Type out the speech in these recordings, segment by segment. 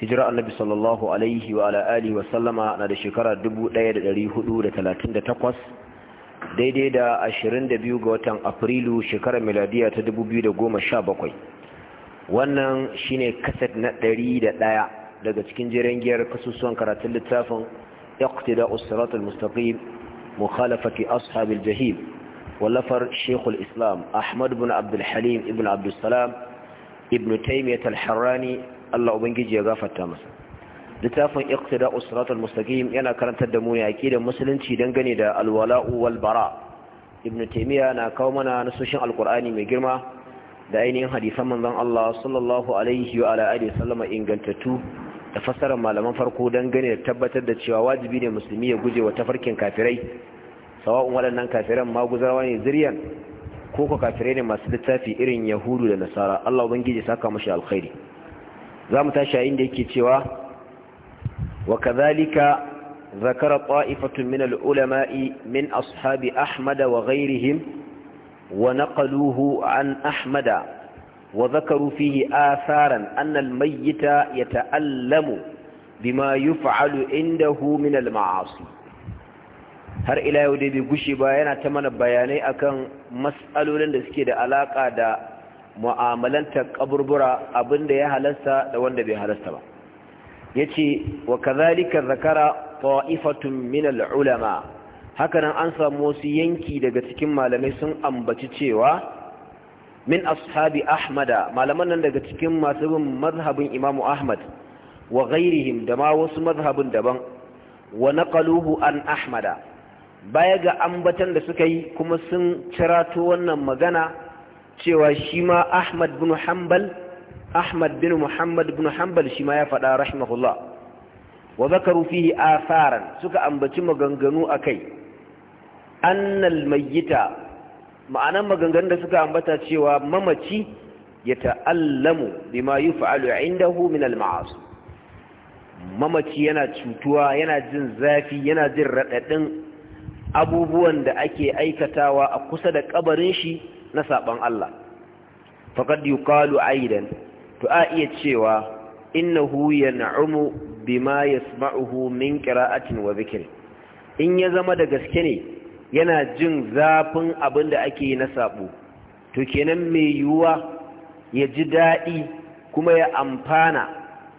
hijira annabi sallallahu alaihi wa ala alihi wa sallama na da shekara 1438 daidai da 22 ga watan afrilu shekarar miladiya ta 2017 wannan shine kaset na 101 daga cikin jiran giyar kasusuwan karatun littafin iqtida usrat al mukhalafati ashab al wallafar shekul islam ahmad ibn abdul halim ibn abdul ibn taymiyat al Allah ubangiji ya gafarta masa littafin iqtida'us siratal mustaqim yana karantar da mu ne aqidar musulunci dangane da alwala'u wal bara ibnu taymiya na kawo mana nasoshin alqur'ani mai girma da ainihin hadisan manzon Allah sallallahu alaihi wa ala alihi sallama ingantattu da fassarar malaman farko dangane da tabbatar da cewa wajibi ne musulmi ya guje wa tafarkin kafirai sawa'un waɗannan kafiran maguzawa ne zuriyan ko ko kafirai ne masu littafi irin yahudu da nasara Allah ubangiji saka mashi alkhairi za mu tashi yayin da yake cewa wa kazalika zakara ta'ifatun min al-ulama'i min ashabi ahmada wa ghairihim wa naqaluhu an ahmada wa zakaru fihi asaran anna mayyita yata'allamu bima yuf'alu indahu min al-ma'asi har ila yau dai bai gushe ba yana ta mana bayanai akan mas'alolin da suke da alaka da mu'amalanta kaburbura abinda ya halasta da wanda bai halasta ba yace wa kazalika zakara ta'ifatun min al Haka hakanan an samu wasu yanki daga cikin malamai sun ambaci cewa min ashabi ahmada malaman nan daga cikin masu bin mazhabin imamu ahmad wa ghairihim da ma wasu mazhabin daban wa naqaluhu an ahmada baya ga ambatan da suka yi kuma sun cirato wannan magana cewa shi ma Ahmad bin Hanbal Ahmad bin Muhammad bin Hanbal shi ma ya faɗa rahimahullah wa zakaru fihi atharan suka ambaci maganganu akai annal mayyita ma'anan maganganun da suka ambata cewa mamaci ya ta'allamu bima yuf'alu indahu min al ma'as mamaci yana cutuwa yana jin zafi yana jin raɗaɗin abubuwan da ake aikatawa a kusa da kabarin shi na saban Allah faqad yuqalu aidan to a iya cewa innahu yan'umu bima yasma'uhu min qira'atin wa dhikr in ya zama da gaske ne yana jin zafin abin da ake na sabo to kenan mai yiwuwa ya ji daɗi kuma ya amfana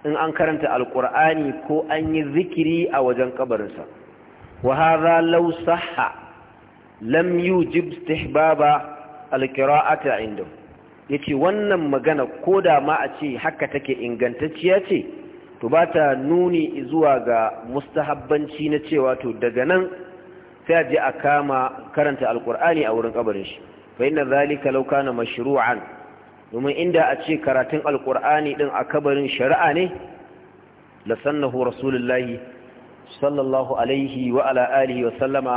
in an karanta alƙur'ani ko an yi zikiri a wajen ƙabarinsa wa hadha law sahha lam yujib istihbaba alkira'ata inda ce wannan magana ko da ma a ce haka take ingantacciya ce to ba ta nuni zuwa ga mustahabbanci na cewa to daga nan sai a je a kama karanta alkur'ani a wurin kabarin shi fa inna zalika law kana mashru'an domin inda a ce karatun alkur'ani din a kabarin shari'a ne la sannahu rasulullahi sallallahu alaihi wa ala alihi wa sallama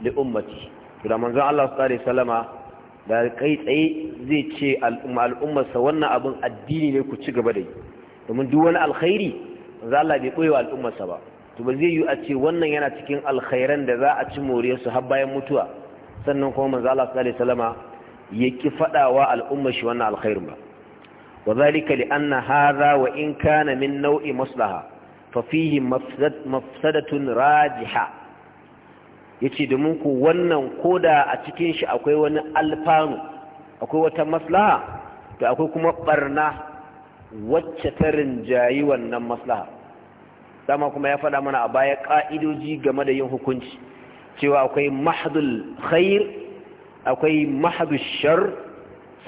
li ummati to da manzon Allah sallallahu alaihi wa sallama da kai tsaye zai ce al'ummarsa wannan abin addini ne ku ci gaba da yi domin duk wani alkhairi za Allah bai koyewa al'ummarsa ba to ba zai yi a ce wannan yana cikin alkhairan da za a ci more su har bayan mutuwa sannan kuma manzo Allah sallallahu alaihi wasallama ya ki fadawa al'ummar shi wannan alkhairin ba wa zalika li anna hadha wa in kana min naw'i maslaha fa fihi mafsadatun rajiha yace da muku wannan koda a cikin shi akwai wani alfanu akwai wata maslaha to akwai kuma barna wacce ta rinjayi wannan maslaha dama kuma ya faɗa mana a baya ƙa'idoji game da yin hukunci cewa akwai mahdul khair akwai mahdul shar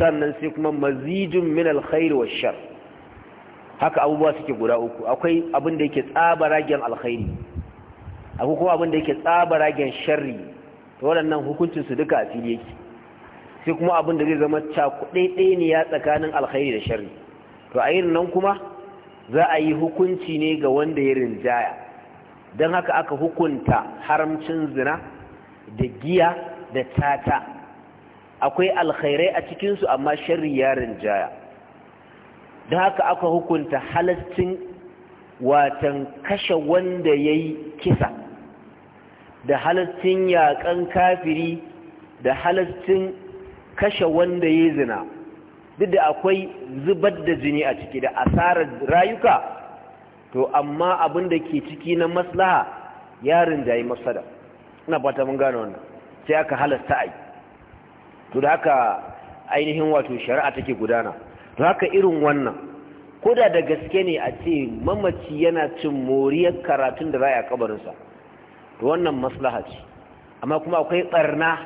sannan sai kuma mazijin min alkhair wa shar haka abubuwa suke guda uku akwai abin da yake tsaba ragen alkhairi Aku kuma abin da yake ragen sharri to waɗannan hukuncin su duka a fili yake sai kuma abin da zai zama cakuɗe ne ya tsakanin alkhairi da sharri to a yin nan kuma za a yi hukunci ne ga wanda ya rinjaya dan haka aka hukunta haramcin zina da giya da tata akwai alkhairai a cikin su amma sharri ya rinjaya don haka aka hukunta halaccin watan kashe wanda yayi kisa da halastin yaƙan kafiri da halastin kashe wanda ya zina duk da akwai zubar da jini a ciki da asarar rayuka to amma abin da ke ciki na maslaha yarin da ya yi masada ina fata mun gane wannan sai aka halasta ai to da haka ainihin wato shari'a take gudana to haka irin wannan koda da gaske ne a ce mamaci yana cin moriyar karatun da za a kabarinsa to wannan maslaha ce amma kuma akwai tsarna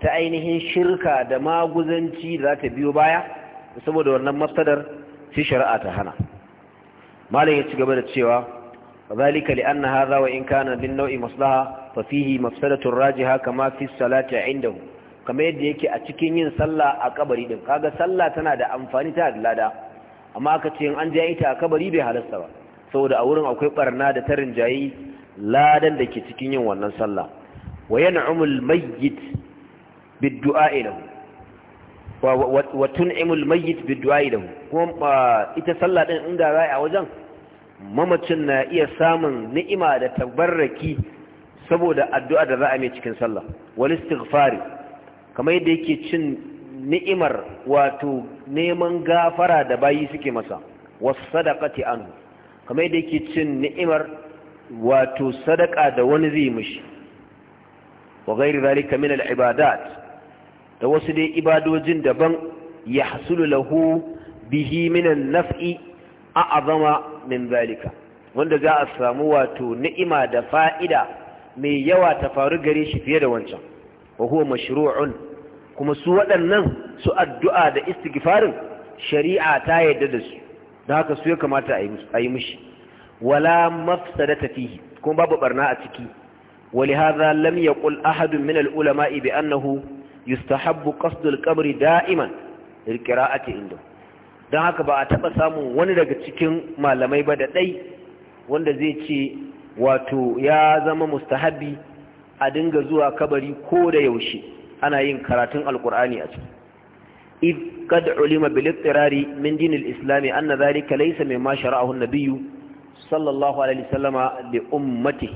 ta ainihin shirka da maguzanci da za ta biyo baya saboda wannan mafsadar shi shari'a ta hana malam ya ci gaba da cewa zalika li anna hadha wa in kana bin nau'i maslaha fa fihi mafsadatu rajiha kama fi salati indahu kamar yadda yake a cikin yin sallah a kabari din kaga sallah tana da amfani ta da lada amma aka ce an je ita a kabari bai halasta ba saboda a wurin akwai barna da tarin jayi ladan da ke cikin yin wannan sallah wa yan'umul mayyit biddua lahu wa tun'imul mayyit biddua lahu kuma ita sallah din inda rai a wajen mamacin na iya samun ni'ima da tabarraki saboda addu'a da za a mai cikin sallah wal istighfari kamar yadda yake cin ni'imar wato neman gafara da bayi suke masa was sadaqati anhu kamar yadda yake cin ni'imar wato sadaka da wani zai mushi, wa gairi zalika min al-ibadat da wasu dai ibadojin daban ya hasulu lahu bihi min an-naf'i a'zama min zalika wanda za a samu wato ni'ima da fa'ida mai yawa ta faru gare shi fiye da wancan wa huwa mashru'un kuma su waɗannan su addu'a da istighfarin shari'a ta yarda da su da haka su ya kamata a yi mushi. wala mafsadata fihi kuma babu barna a ciki ولهذا لم يقل أحد من العلماء بأنه يستحب قصد القبر دائما للقراءة عنده don haka ba a taɓa samun wani daga cikin malamai ba da ɗai wanda zai ce wato ya zama mustahabi a dinga zuwa kabari ko da yaushe ana yin karatun alkur'ani a ciki if kad ulima bil min dinil islami anna zalika laysa mimma shara'ahu an-nabiyyu sallallahu alaihi wasallama bi ummati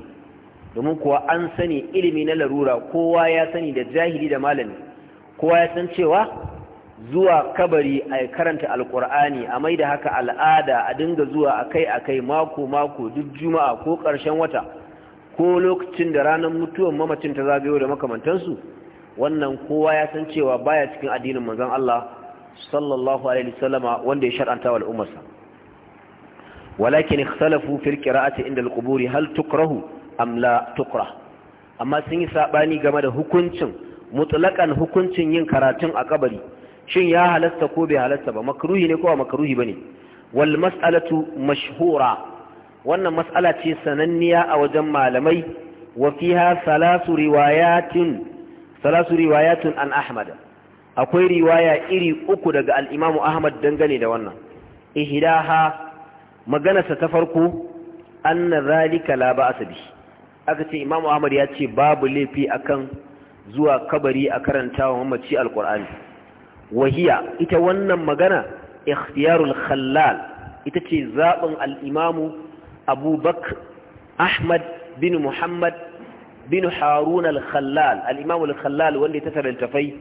domin kuwa an sani ilimi na larura kowa ya sani da jahili da malami kowa ya san cewa zuwa kabari a karanta alkur'ani a mai da haka al'ada a dinga zuwa akai-akai mako-mako duk juma'a ko ƙarshen wata ko lokacin da ranar mutuwan mamacin ta zagayo da makamantansu wannan kowa ya san cewa baya cikin addinin manzon Allah sallallahu alaihi wasallama wanda ya shar'anta wal al'ummarsa walakin ikhtalafu fil qira'ati inda al har hal tukrahu la amma sun yi saɓani game da hukuncin mutlakan hukuncin yin karatun a kabari shin ya halasta ko bai halasta ba makruhi ne ko ba makruhi bane wal mas'alatu mashhura wannan mas'ala ce sananniya a wajen malamai wa fiha salasu riwayatin salasu riwayatun an ahmad akwai riwaya iri uku daga al-imamu ahmad dangane da wannan ihdaha maganarsa ta farko anna zalika la ba'sa bi aka ce imamu ahmad ya ce babu laifi akan zuwa kabari a wa mamaci alkur'ani wahiya ita wannan magana ikhtiyarul khallal ita ce zaɓin al'imamu abubak ahmad bin muhammad bin harun al-khallal al'imamu al-khallal wanda ya tattara tafai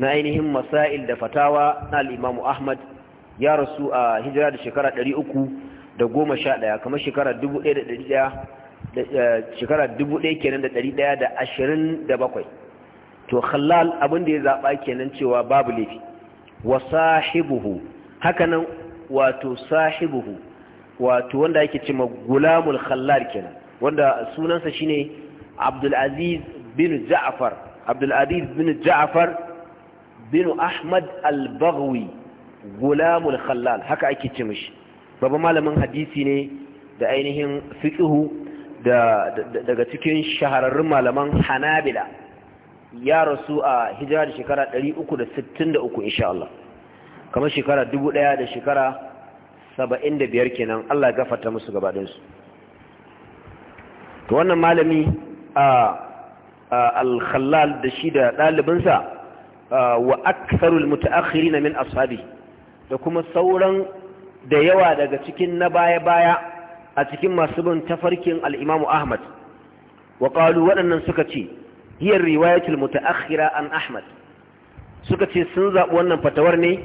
na ainihin masail da fatawa na al'imamu ahmad ya rasu a hijira da shekara uku. da goma sha ɗaya kamar shekara dubu ɗaya da ɗari ɗaya eh, shekara dubu ɗaya kenan da ɗari ɗaya da ashirin da bakwai to halal abin da ya zaɓa kenan cewa babu laifi wa sahibuhu nan wato sahibuhu wato wanda yake ce ma gulamul halal kenan wanda sunansa shine abdulaziz bin ja'far abdulaziz bin ja'far bin ahmad al-baghawi gulamul halal haka ake ce mishi babban malamin hadisi ne da ainihin fiqhu daga cikin shahararrun malaman hanabila ya rasu a hijira da shekara 363 insha Allah kamar shekara 1000 da shekara 75 kenan Allah ya gafarta musu gabaɗin su to wannan malami a al-khallal da shi da ɗalibinsa wa aktharul mutaakhirin min ashabi da kuma sauran da yawa daga cikin na baya-baya a cikin masu bin tafarkin al'imamu Ahmad, wa ƙalu waɗannan suka ce, hiyar riwayatul mutaakhira an Ahmad, suka ce sun zaɓi wannan fatawar ne,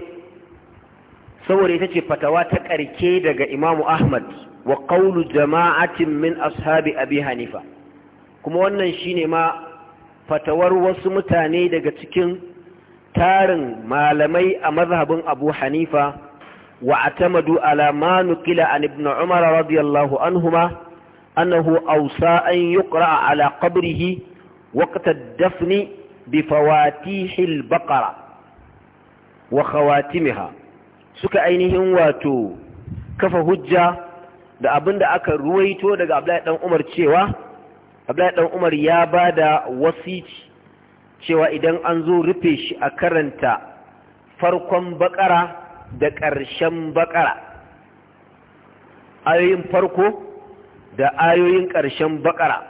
saboda ita ce fatawa ta ƙarke daga imamu Ahmad wa ƙaulu jama'atin min ashabi abi Hanifa, kuma wannan shi ne ma fatawar wasu mutane daga cikin tarin malamai a mazhabin abu Hanifa. واعتمدوا على ما نقل عن ابن عمر رضي الله عنهما أنه أوصى أن يقرأ على قبره وقت الدفن بفواتيح البقرة وخواتمها سك أينهم واتو كف هجة da abin da aka ruwaito daga Abdullahi dan Umar cewa Abdullahi dan Umar ya bada wasici cewa idan an zo rufe shi a karanta farkon bakara da ƙarshen baƙara ayoyin farko da ayoyin ƙarshen baƙara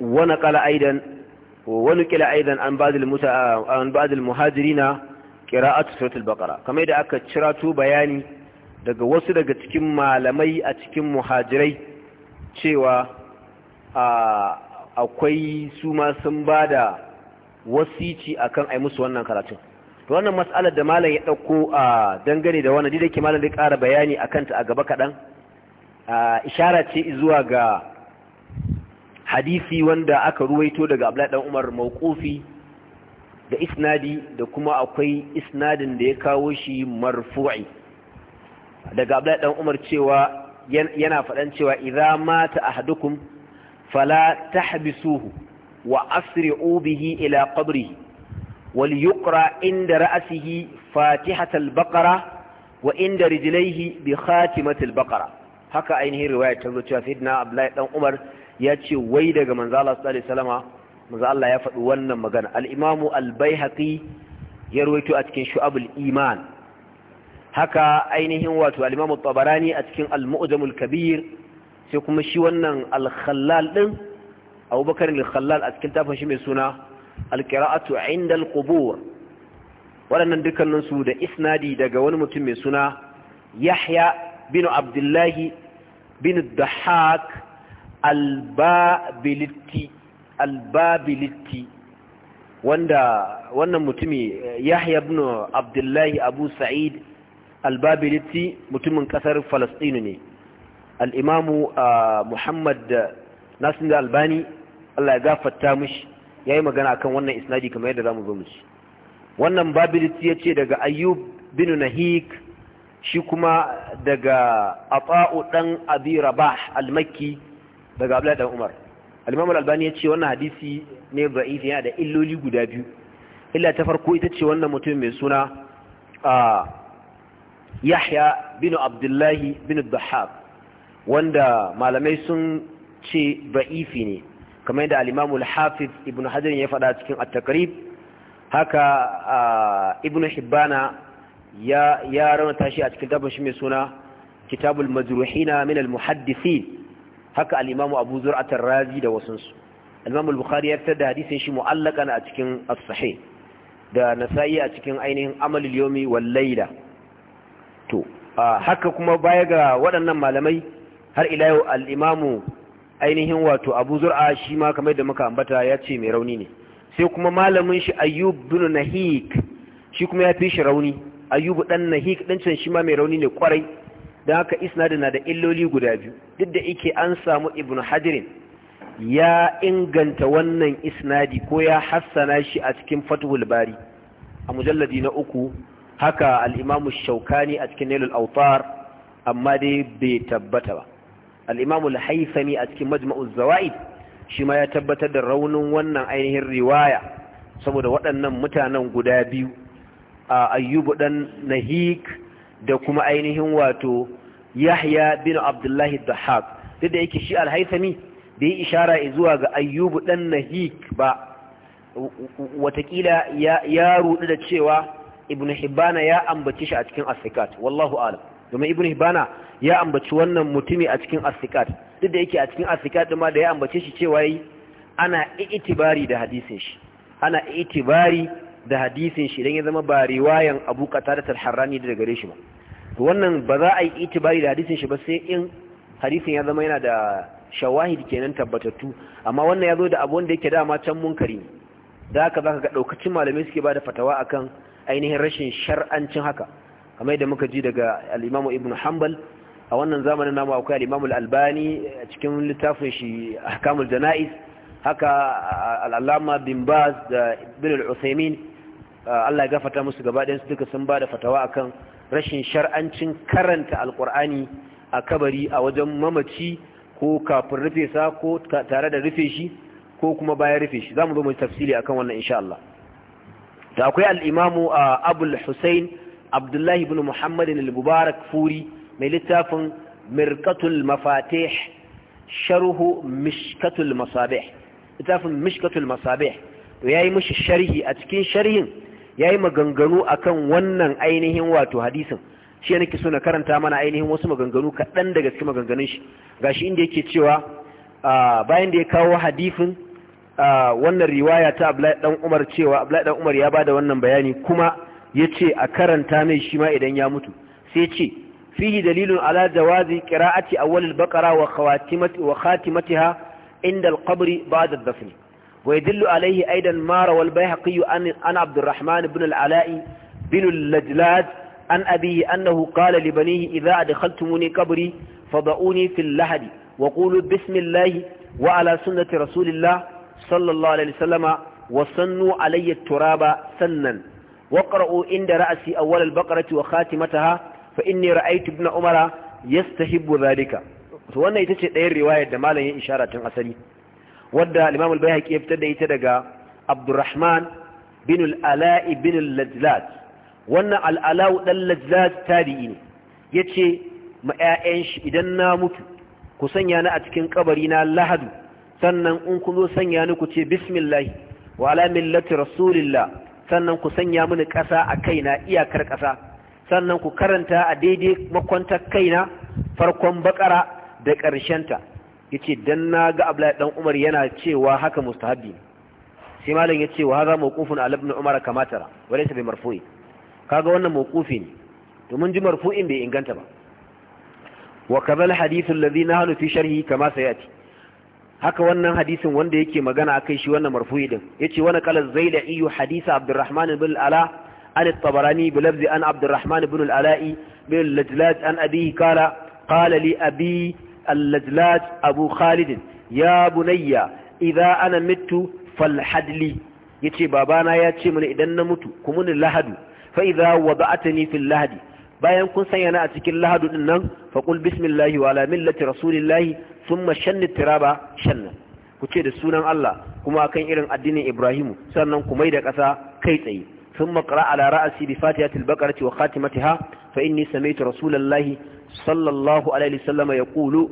wani ƙala aidan wani ƙila aidan an ba ba'adil muhajirina a suratul baƙara kamar da aka to bayani daga wasu daga cikin malamai a cikin muhajirai cewa akwai su ma sun ba da wasici akan ai musu wannan karatun to wannan mas'alar da malam ya ɗauko a dangane da wannan dai malam zai ƙara bayani a kanta a gaba kaɗan ishara ce zuwa ga hadisi wanda aka ruwaito daga abdullahi dan umar mawqufi da isnadi da kuma akwai isnadin da ya kawo shi marfu'i daga abdullahi dan umar cewa yana faɗan cewa idza mata ahadukum fala tahbisuhu wa asri'u bihi ila qabrihi wal yuqra inda ra'asihi fatihatul baqara wa inda rijlaihi bi khatimatul baqara haka ainihin riwaya ta zo cewa sayyidina abdullahi dan umar ya ce wai daga manzo Allah sallallahu alaihi wasallama manzo Allah ya faɗi wannan magana al-imamu al-baihaqi ya a cikin shu'abul iman haka ainihin wato al babarani tabarani a cikin al-mu'jamul kabir sai kuma shi wannan al-khallal din abubakar al-khallal a cikin tafin shi mai suna alqira'atu 'inda alqubur waɗannan dukkaninsu da isnadi daga wani mutum mai suna yahya bin abdullahi bin dahak albabilitti wanda wannan mutumi yahya bin abdullahi abu sa'id albabilitti mutumin kasar falastinu ne al'imamu ah, muhammad nasir albani allah ya gafata mashi ya yi magana akan wannan isnadi kamar yadda zamu zo mu ci wannan babiliti yace daga ayyub bin nahik shi kuma daga afa'u dan abi rabah al-makki daga abdullahi dan umar al-imam al-albani ce wannan hadisi ne da'if yana da illoli guda biyu illa ta farko ita ce wannan mutum mai suna yahya bin abdullahi bin dhahab wanda malamai sun ce da'ifi ne kamar yadda alimamu al-Hafiz Ibn Hajar ya faɗa cikin at-Taqrib haka Ibn Hibbana ya ya raunata shi a cikin gaban shi mai suna Kitabul Majruhina min al-Muhaddithin haka alimamu Abu Zur'at ar-Razi da wasunsu su imam al-Bukhari ya tada da hadisin shi mu'allaqan a cikin as-Sahih da Nasa'i a cikin ainihin Amalul Yawmi wal Layla to haka kuma baya ga waɗannan malamai har ila yau al imamu ainihin wato abu zur'a shi ma kamar da muka ambata ya ce mai rauni ne sai kuma malamin shi ayyub bin nahik shi kuma ya fi shi rauni ayyub dan nahik dan can shi ma mai rauni ne kwarai don haka isnadin na da illoli guda biyu duk da yake an samu ibnu hadirin ya inganta wannan isnadi ko ya hassana shi a cikin fatuhul bari a mujalladi na uku haka al'imamu shaukani a cikin nailul autar amma dai bai tabbata ba al-imam al a cikin majma'un zawaid shi ma ya tabbatar da raunin wannan ainihin riwaya saboda waɗannan mutanen guda biyu a ayyubu ɗan nahik da kuma ainihin wato yahya bin abdullahi dahab duk da yake shi alhaisami haythami bai ishara zuwa ga ayyubu ɗan nahik ba watakila ya rudu da cewa ibn hibana ya ambace shi a cikin asikat wallahu alam domin ibn hibana. ya ambaci wannan mutumi a cikin asikat duk da yake a cikin asikat ma da ya ambace shi cewa yi ana itibari da hadisin shi ana itibari da hadisin shi idan ya zama ba riwayan Abu Qatada al-Harrani da gare shi ba wannan ba za a yi itibari da hadisin shi ba sai in hadisin ya zama yana da shawahid kenan tabbatattu amma wannan ya zo da abu wanda yake dama can munkari da haka ka ga ɗaukacin malamai suke bada fatawa akan ainihin rashin shar'ancin haka kamar da muka ji daga al-Imam Ibn Hanbal a wannan zamanin namu akwai al albani eh, cikin littafin shi ahkamul jana'is haka eh, al-allama bin baz da ibn al eh, Allah ya gafarta musu gaba ɗayan su duka sun bada fatawa akan rashin shar'ancin karanta alqur'ani a kabari a wajen mamaci ko kafin rufe sa ko tare da rufe shi ko kuma bayan rufe shi zamu zo mu a akan wannan insha Allah da akwai al-imamu Abul Husayn Abdullahi ibn Muhammad al-Mubarak Furi mai littafin mirkatul mafatih sharhu mishkatul masabih littafin mishkatul masabih to yayi mishi sharhi a cikin sharhin yayi maganganu akan wannan ainihin wato hadisin shi nake so na karanta mana ainihin wasu maganganu kaɗan daga cikin maganganun shi gashi inda yake cewa bayan da ya kawo hadisin wannan riwaya ta Abdullahi dan Umar cewa Abdullahi dan Umar ya bada wannan bayani kuma yace a karanta mai shi ma idan ya mutu sai ce fihi dalilun ala jawazi qira'ati awwal al-baqara wa khawatimati wa khatimatiha inda al-qabr ba'da ad-dafn wa yadullu alayhi aidan ma rawa al-bayhaqi an an abd al-rahman ibn al-ala'i bin al-lajlad an abihi annahu qala li banihi idha adkhaltumuni qabri fad'uni fil lahdi wa qulu bismillah wa ala sunnati rasulillah sallallahu alayhi wasallama وصنوا علي التراب سنا وقرأوا عند رأسي أول البقرة وخاتمتها fa inni ra'aytu ibn umara yastahibbu zalika to wannan ita ce ɗayan riwayar da malamin ya ishara tun asali wadda al-imam al-bayhaqi ya fitar da ita daga abdurrahman bin al-ala'i bin al-lajlat wannan al-ala'u dan lajlat tabi'i ne yace ma ƴaƴan shi idan na mutu ku sanya ni a cikin kabari na lahadu sannan in ku zo sanya ni ku ce bismillah wa ala millati rasulillah sannan ku sanya mini ƙasa a kaina iyakar ƙasa sannan ku karanta a daidai makwantar kaina farkon bakara da ƙarshenta ce don na ga abla ɗan Umar yana cewa haka mustahabi sai malam ce wa haza mawqufun a ibn Umar kama tara walaysa bi marfu'i kaga wannan mawqufi ne to mun ji marfu'in bai inganta ba wa kadhal hadithu na nahanu fi sharhi kama sayati haka wannan hadisin wanda yake magana akai shi wannan marfu'i din yace wa naqala Iyo hadisa Abdurrahman bin ala عن الطبراني بلفظ أن عبد الرحمن بن الألاء بن اللجلاج أن أبيه قال قال لي أبي اللجلاج أبو خالد يا بني إذا أنا مت فالحد لي يتي بابانا يتي من إذن نمت كمن اللهد فإذا وضعتني في اللهد bayan kun sanya na a cikin lahadu din nan faƙul bismillahi wa ala millati rasulillahi thumma shannit tiraba shannan ku ce da sunan Allah kuma kan irin addinin Ibrahimu sannan ku mai da ƙasa kai tsaye ثم قرأ على رأسي بفاتحة البقرة وخاتمتها فإني سمعت رسول الله صلى الله عليه وسلم يقول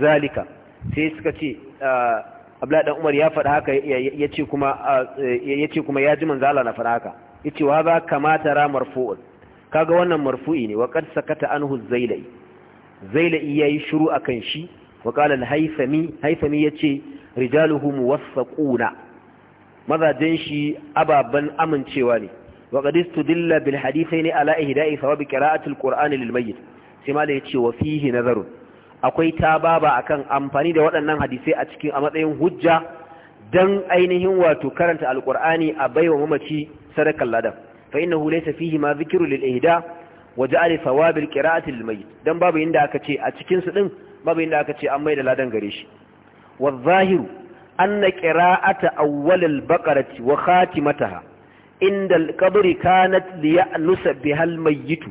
ذلك سيسكتي abla dan umar ya faɗa haka yace kuma kuma ya ji manzo Allah na faɗa haka yace wa ba kamata ra marfu'un kaga wannan marfu'i ne wa qad anhu zailai zailai yayi shiru akan shi wa yace rijaluhu muwaffaquna mazajen shi ababan amincewa ne wa qad istudilla bil hadithaini ala ihda'i thawab qira'ati al qur'an lil mayyit sai ma da yace wa fihi nazarun akwai tababa akan amfani da waɗannan hadisai a cikin a matsayin hujja dan ainihin wato karanta alqur'ani a baiwa mamaci sadakan ladan fa innahu laysa fihi ma dhikru lil ihda' waje ali sawabil qira'ati lil mayyit dan babu inda aka ce a cikin su din babu inda aka ce an mai da ladan gare shi wa zahiru anna qira'ata awwalil baqarati wa khatimataha inda al-qabri kanat mai biha al-mayyit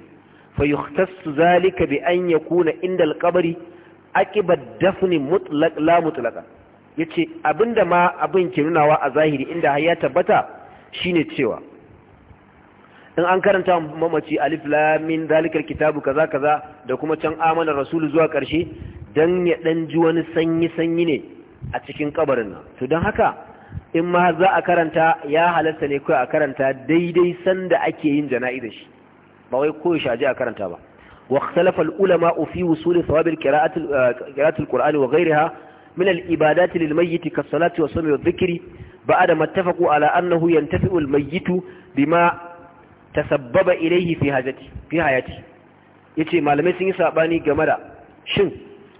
fayukhtassu dhalika bi an yakuna inda al-qabri aqiba dafni mutlaq la mutlaqa yace abinda ma abin ke nunawa a zahiri inda har ya tabbata shine cewa in an karanta mamaci alif lam min zalikal kitabu kaza kaza da kuma can amana rasulu zuwa karshe dan ya dan ji wani sanyi sanyi ne a cikin kabarin nan to don haka in ma za a karanta ya halatta ne kawai a karanta daidai sanda ake yin jana'izar shi ba wai ko shaji a karanta ba wa ikhtalafa ulama fi wusuli thawab al-qira'ati eh, al-qur'ani wa ghayriha min al-ibadat lil mayyit ka salati wa sami wa dhikri ba'da ma ala annahu yantafi'u al-mayyit bima tasabbaba ilayhi fi hajati fi hayati yace malamai sun yi sabani game da shin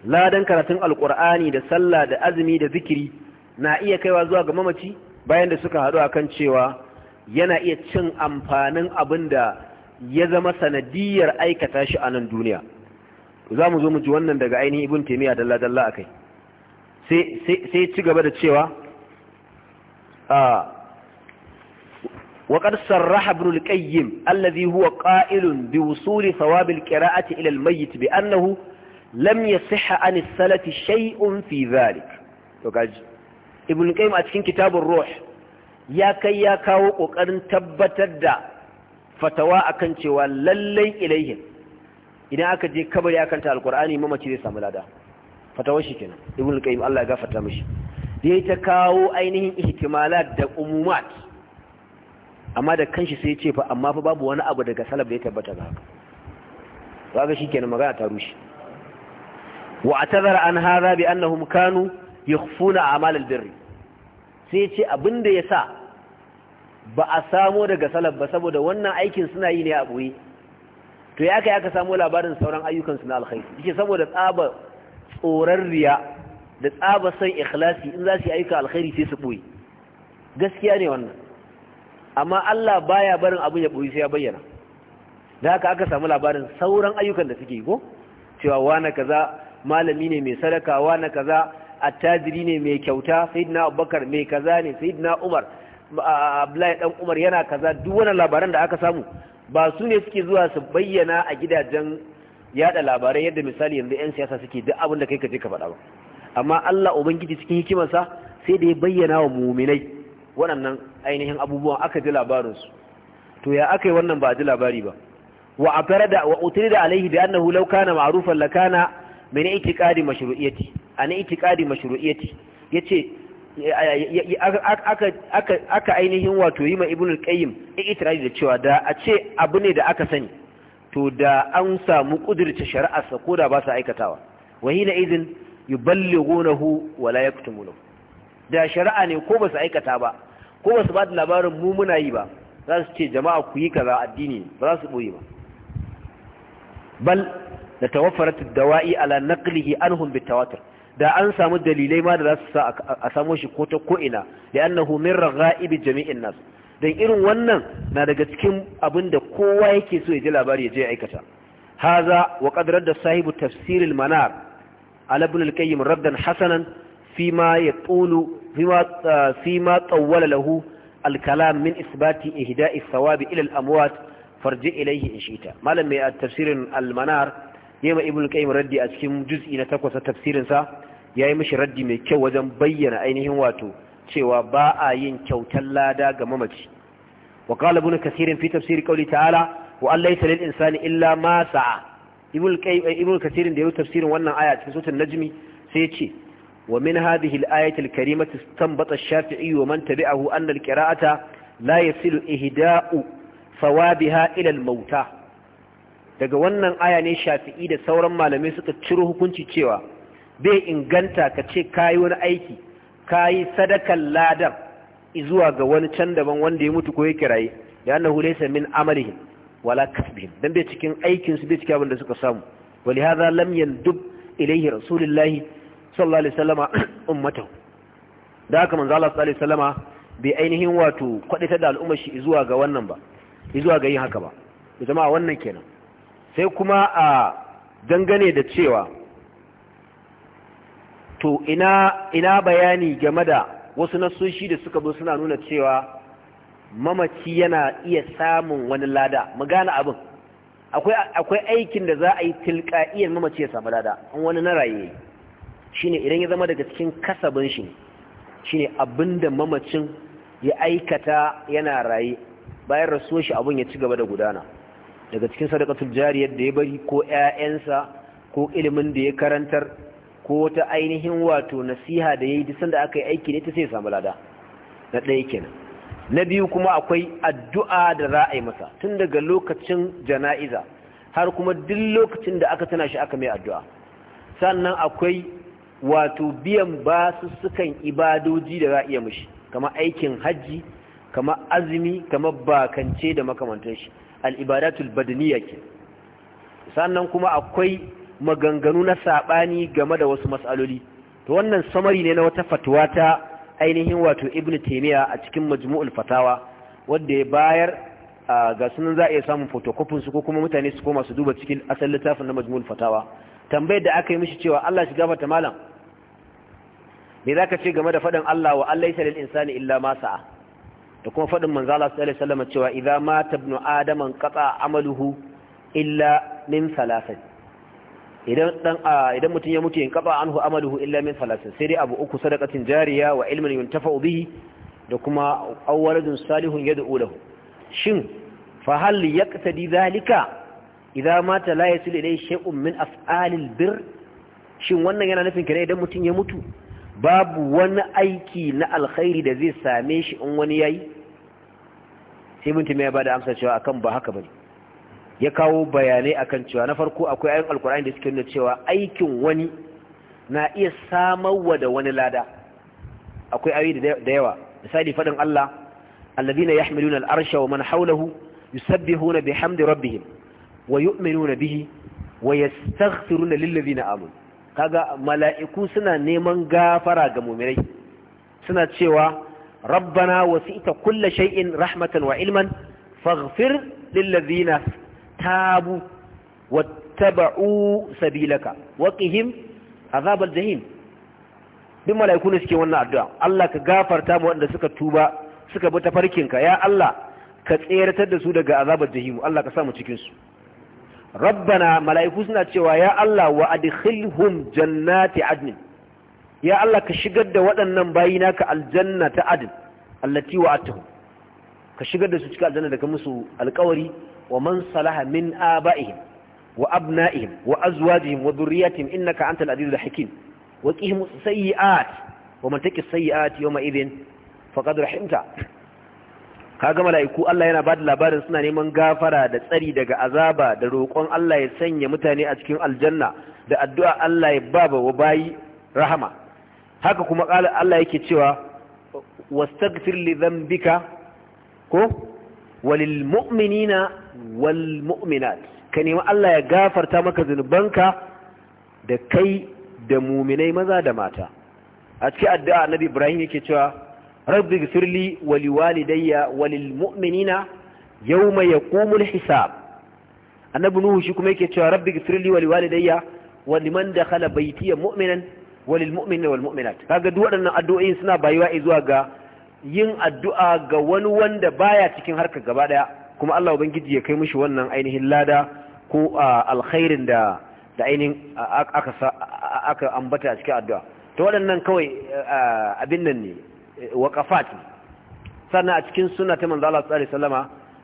ladan karatun alkur'ani da sallah da azumi da zikiri na iya kaiwa zuwa ga mamaci bayan da suka haɗu akan cewa yana iya cin amfanin abin da ya zama sanadiyar aikata shi a nan duniya za mu zo mu ji wannan daga ainihin ibn taimiyya dalla-dalla a kai sai ci gaba da cewa a waƙar sarraha ibn al-qayyim allazi huwa qa'ilun bi wusuli thawabil qira'ati ila al-mayyit bi annahu lam yasiha an salati shay'un fi zalik to gaji ibn qayyim a cikin kitabun ruh ya kai ya kawo kokarin tabbatar da fatawa akan cewa lallai ilaihim idan aka je kabari akan ta alqur'ani mamaci zai samu lada fatawa shi kenan ibn qayyim Allah ya gafarta mishi da ta kawo ainihin ihtimalat da umumat amma da kanshi sai ya ce fa amma fa babu wani abu daga salaf da ya tabbata ga haka shi kenan magana ta rushe واعتذر عن هذا بأنهم كانوا يخفون أعمال البر سيتي daga salaf ba saboda wannan aikin suna yi ne a أبوي to ya kai aka samu labarin sauran ayyukansu na alkhairi yake saboda tsaba tsoron riya da tsaba son ikhlasi in za su yi ayyukan alkhairi sai su boye gaskiya ne wannan amma Allah baya barin abin ya boye sai ya bayyana da haka aka samu labarin sauran ayyukan da suke yi ko cewa wani kaza malami ne mai sadakawa na kaza attajiri ne mai kyauta sayyidina abubakar mai kaza ne sayyidina umar abdullahi dan umar yana kaza duk wani labaran da aka samu ba su ne suke zuwa su bayyana a gidajen yada labarai yadda misali yanzu yan siyasa suke duk abin da kai ka je ka faɗa ba amma Allah ubangiji cikin hikimarsa sai da ya bayyana wa muminai waɗannan ainihin abubuwan aka ji su. to ya aka wannan ba a ji labari ba wa a da wa utrida alaihi da annahu law kana ma'rufan lakana mene itikadi mashru'iyyati ana itikadi mashru'iyyati yace aka aka aka ainihin wato yi ma ibnul qayyim itirazi da cewa da a ce abu ne da aka sani to da an samu kudurta shari'arsa ko da ba su aikatawa hina idin yuballighunahu la yaktumunahu da shari'a ne ko ba su aikata ba ko ba su ba da labarin mu muna yi ba za su ce jama'a ku yi kaza addini ba za su boye ba bal da tawaffarat dawa'i ala naqlihi anhum bitawatur da an samu dalilai ma da za su sa a samo shi ko ta ko ina li'annahu min jami'in nas dan irin wannan na daga cikin abin da kowa yake so ya ji labari ya je ya aikata haza wa qadrar da sahibu tafsir al-manar ala ibn al-qayyim raddan hasanan fima yaqulu fima fima tawwala lahu al-kalam min isbati ihda'i thawabi ila al-amwat farji ilayhi in shi'ta malam mai tafsirin al-manar yema ibnu qayyim raddi a cikin juz'i na takwas tafsirin sa yayi mishi raddi mai kyau wajen bayyana ainihin wato cewa ba a yin kyautar lada ga mamaci wa qala ibnu kasir fi tafsir qawli ta'ala wa allaysa lil insani illa ma sa'a ibnu qayyim eh, ibnu kasir da tafsirin wannan aya cikin suratul najmi sai ce wa min hadhihi al-ayati al-karimati istanbata ash-shafi'i wa man tabi'ahu anna al-qira'ata la yasilu ihda'u thawabiha ila al-mauta daga wannan aya ne shafi'i da sauran malamai suka ciro hukunci cewa bai inganta ka ce kayi wani aiki kayi sadakan ladar, zuwa ga wani can daban wanda ya mutu ko ya kiraye da annahu laysa min amalihim wala kasbihim dan bai cikin aikin su bai cikin abin da suka samu wali hadha lam yandub ilayhi rasulullahi sallallahu alaihi wasallama ummatahu da haka manzo Allah sallallahu alaihi wasallama bai ainihin wato kwadatar da al'ummar shi zuwa ga wannan ba zuwa ga yin haka ba jama'a wannan kenan sai kuma a dangane da cewa to ina ina bayani game da wasu nasoshi da suka bi suna nuna cewa mamaci yana iya samun wani lada mu abin akwai akwai aikin da za a yi iya mamaci ya samu lada an wani na raye shine idan ya zama daga cikin kasabin shi shine abinda mamacin ya aikata yana raye bayan rasuwar shi abin ya ci gaba da gudana daga cikin sadakatul jariyar da ya bari ko 'ya'yansa ko ilimin da ya karantar ko wata ainihin wato nasiha da yayi duk sanda aka yi aiki ne ta sai samu lada na ɗaya kenan na biyu kuma akwai addu'a da za a yi masa tun daga lokacin jana'iza har kuma duk lokacin da aka tana shi aka mai addu'a sannan akwai wato biyan basussukan ibadoji da za a iya mishi kama aikin hajji kama azumi kama bakance da makamantar shi al'ibadatul badaniya ke sannan kuma akwai maganganu na saɓani game da wasu matsaloli to wannan samari ne na wata fatuwa ta ainihin wato ibn taimiyya a cikin majmu'ul fatawa wadda ya bayar ga sunan za a iya samun fotokofin su ko kuma mutane su koma su duba cikin asalin littafin na majmu'ul fatawa tambayar da aka yi mishi cewa Allah shi gafarta malam me zaka ce game da faɗin Allah wa Allah yasa lil insani illa ma sa'a da kuma faɗin manzala su alaihi sallama cewa idza mata ibnu adaman qata amaluhu illa min salasin idan dan idan mutum ya mutu in qata anhu amaluhu illa min salasin sai dai abu uku sadaqatin jariya wa ilmin yuntafa'u bihi da kuma awwaladun salihun yad'u lahu shin fa hal yaqtadi dhalika idza mata la yasilu ilayhi shay'un min af'alil bir shin wannan yana nufin kare idan mutum ya mutu babu wani aiki na alkhairi da zai same shi in wani yayi sai ibn taymiya ba da amsa cewa akan ba haka bane ya kawo bayanai akan cewa na farko akwai ayin alkur'ani da suke nuna cewa aikin wani na iya samarwa da wani lada akwai ayi da yawa misali fadin Allah alladhina yahmiluna al'arsha wa man hawlahu yusabbihuna bihamdi rabbihim wa yu'minuna bihi wa yastaghfiruna lilladhina amanu kaga mala'iku suna neman gafara ga mu'minai suna cewa rabbana wasi'ta kulla shay'in rahmatan wa ilman faghfir lil ladhina tabu wattaba'u sabilaka waqihim azabal jahim duk mala'iku ne suke wannan addu'a Allah ka gafarta mu wanda suka tuba suka bi tafarkinka ya Allah ka tseratar da su daga azabar jahimu Allah ka samu cikin su rabbana mala'iku suna cewa ya Allah wa hum jannati adnin ya Allah ka shigar da waɗannan bayi naka aljanna ta adin allati wa'atuhum ka shigar da su cikin aljanna da ka musu alƙawari wa man salaha min aba'ihim wa abna'ihim wa azwajihim wa dhurriyyatihim innaka antal azizul hakim wa qihim sayyi'at wa man taqi sayyi'at yawma idhin faqad rahimta kaga mala'iku Allah yana bada labarin suna neman gafara da tsari daga azaba da roƙon Allah ya sanya mutane a cikin aljanna da addu'a Allah ya baba wa bayi rahama haka kuma ƙala Allah yake cewa wastaghfir li dhanbika ko walil mu'minina wal mu'minat ka nemi Allah ya gafarta maka zunubanka da kai da muminai maza da mata a cikin addu'a annabi Ibrahim yake cewa rabbi gfirli wa liwalidayya wa lilmu'minina yawma yaqumul hisab annabi Nuhu shi kuma yake cewa rabbi gfirli wa liwalidayya wa liman dakhala baytiya mu'minan walil mu'minina wal mu'minat kaga duk waɗannan addu'o'in suna bayuwa zuwa ga yin addu'a ga wani wanda baya cikin harkar gaba daya kuma Allah ubangiji ya kai mishi wannan ainihin lada ko alkhairin da da ainihin aka aka ambata a cikin addu'a to waɗannan kawai abin nan ne waqafat sannan a cikin sunna ta manzo Allah sallallahu alaihi wasallama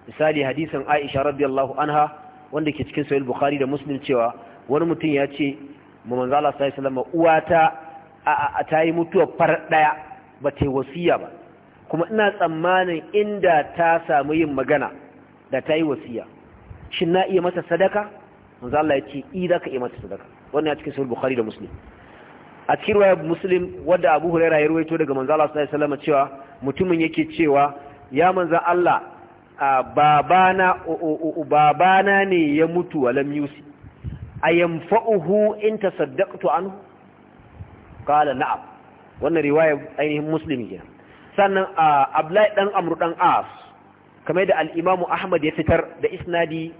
misali hadisin Aisha radiyallahu anha wanda ke cikin sahih Bukhari da Muslim cewa wani mutum ya ce mu manzo Allah sallallahu alaihi wasallam uwata a ta yi mutuwa far daya ba ta wasiya ba kuma ina tsammanin inda ta samu yin magana da ta yi wasiya shin na iya mata sadaka manzo Allah ya ce i zaka iya mata sadaka wannan ya cikin sahih bukhari da muslim a cikin riwaya muslim wadda abu huraira ya ruwaito daga manzo Allah sallallahu alaihi wasallam cewa mutumin yake cewa ya manzo Allah babana babana ne ya mutu walam yusi A in tasaddaqtu anhu qala na'am wannan riwaya ainihin musulmi kenan sannan Abdullahi ɗan Amr ɗan As kamar da al Ahmad ya fitar da isnadi